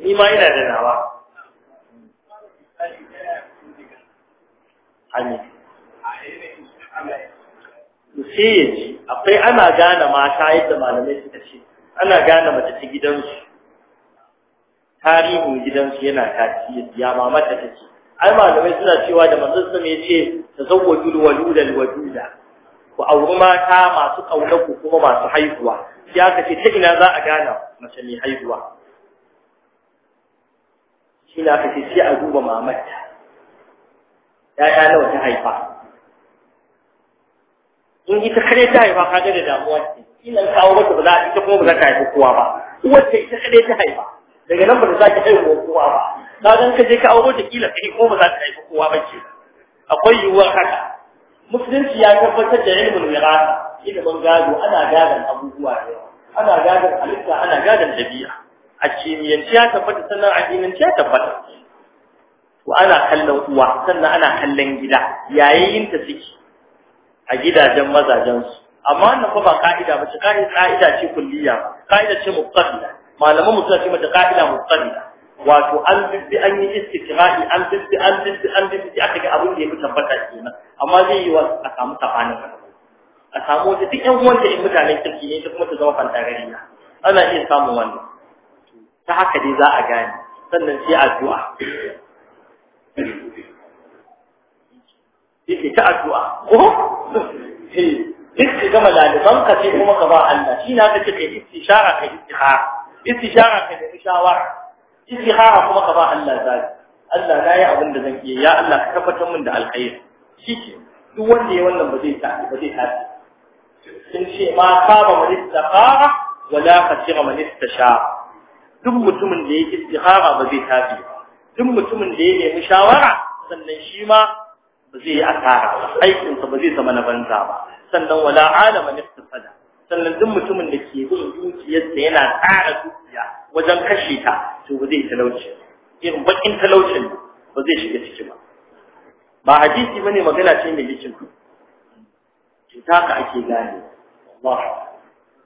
ni ma ina da nawa ani sai akwai ana gane mata yadda malamai suka ce ana gane mace ta gidansu tarihin gidansu yana tasiri ya mamata take ai malamai suna cewa da manzon sama yace tazawwajul walud al waduda ku auri mata masu kauna ku kuma masu haihuwa ya kace ta ina za a gana mace mai haihuwa shi na kace sai a duba mamarta ya nawa ta haifa in ita kare ta haifa kaga da damuwa ce ka aure ta ba za ita kuma ba za ta haifa kowa ba uwar ta ita kare ta haifa daga nan ba ta sake haihuwa kowa ba kagan ka je ka aure da kila kai ko ba za ka haifi kowa ba ke akwai yiwuwar haka musulunci ya tabbatar da ilmin wirasa ban gado ana gadon abubuwa da ana gadon halitta ana gadon dabi'a a kimiyyance ya tabbata sannan a dinance ya tabbata wa ana kallon uwa sannan ana kallon gida yayin ta suke a gidajen mazajen su. amma wannan fa ba ka'ida ba ce ka'ida ce kulliya ka'ida ce muqaddida malaman musulunci mata ka'ida muqaddida wato an bibbi an yi istikra'i an bibbi an bibbi an bibbi aka ga abin da ya fi tabbata kenan amma zai yi wa a samu tafani ka a samu wata duk yan wanda in mutanen kirki ne ta kuma ta zama fantarari na ana iya samun wannan ta haka dai za a gane sannan sai addu'a yake ta addu'a ko duk ka gama laliban ka sai kuma ka ba Allah shi na ka ce kai istishara kai istihara istishara kai yi shawara istikhara kuma ka ba Allah zaki Allah na ya abin da zan iya ya Allah ka tabbatar min da alkhairi shike duk wanda ya wannan ba zai ta ba zai ta sun ce ma saba man istikhara wala khasira man istashara duk mutumin da ya istikhara ba zai tafi duk mutumin da ya nemi shawara sannan shi ma ba zai yi asara ba aikinsa ba zai zama na banza ba sannan wala alama ne fasada sannan duk mutumin da ke bin dukiyarsa yana tsara dukiya wajen kashe ta to ba zai talauci irin bakin talaucin ba zai shiga ciki ba ba hadisi bane magana ce mai likin ku ta ka ake gane Allah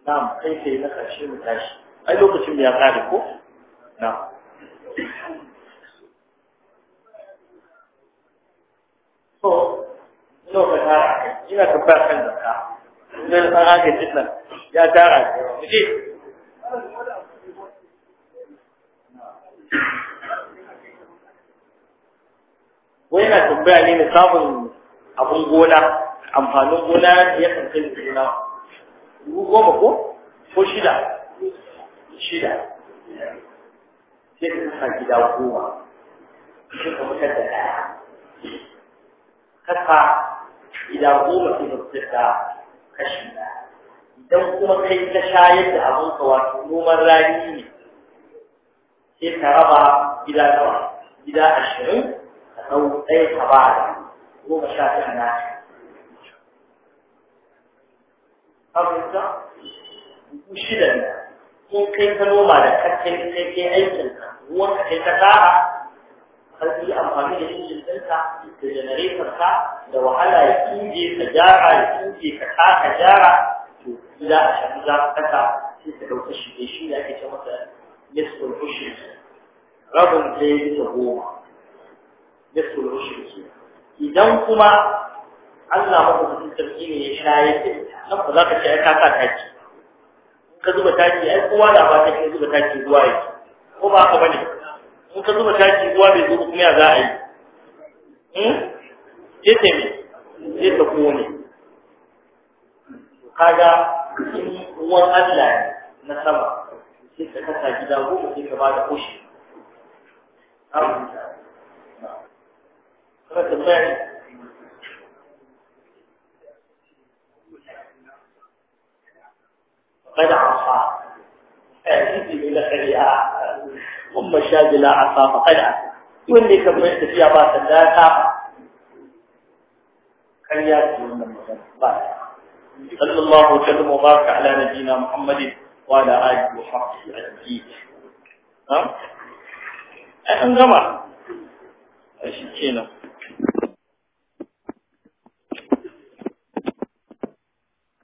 na kai sai na karshe mu tashi ai lokacin da ya fara ko na'am so lokacin ina tabbata kan zakka na san haka nan, ya tara muje wai na tambaya ne samun abun gona amfanin gona ya kankan gona dubu goma ko ko shida shida sai ka sa gida goma sai ka fitar da ɗaya kasa gida goma sai ka fitar da kashi idan kuma kai ta shayar da ka wato noman rani ne sai ka raba gida nawa gida ashirin ka ɗau ɗaya ka ba da goma sha tara na abinka dubu shida ne kun kai ka noma da kakkai kai kai aikinka ruwan ka kai ka sa'a har yi amfani da injin ɗinka da generator ka da wahala ya kinje ka jara ya kinje ka ka jara to za a shafi za ka kasa sai ka ɗauka shi da shi da ake ce masa nisful hushin rabin ɗaya bisa goma nisful hushin su idan kuma Allah maka mutum sarki ne ya shayar da ita nan ba za ka ce ai ka sa taki ka zuba taki ai kowa da ba ta ke zuba taki zuwa yake ko ba ka bane in ka zuba taki ruwa bai zo kuma ya za a yi sai hmm? ta me sai ta ne. kaga in ruwan Allah na sama sai ka kasa gida goma sai ka ba da kushi ta قد عصى أهدي إلى خليها umma shagila asa faqad asa wanda ya kamar tafiya ba ta data kan ya ci wannan magana ba sallallahu alaihi wa baraka ala nabiyina muhammadin wa ala alihi wa sahbihi ajma'in ha an gama shi kenan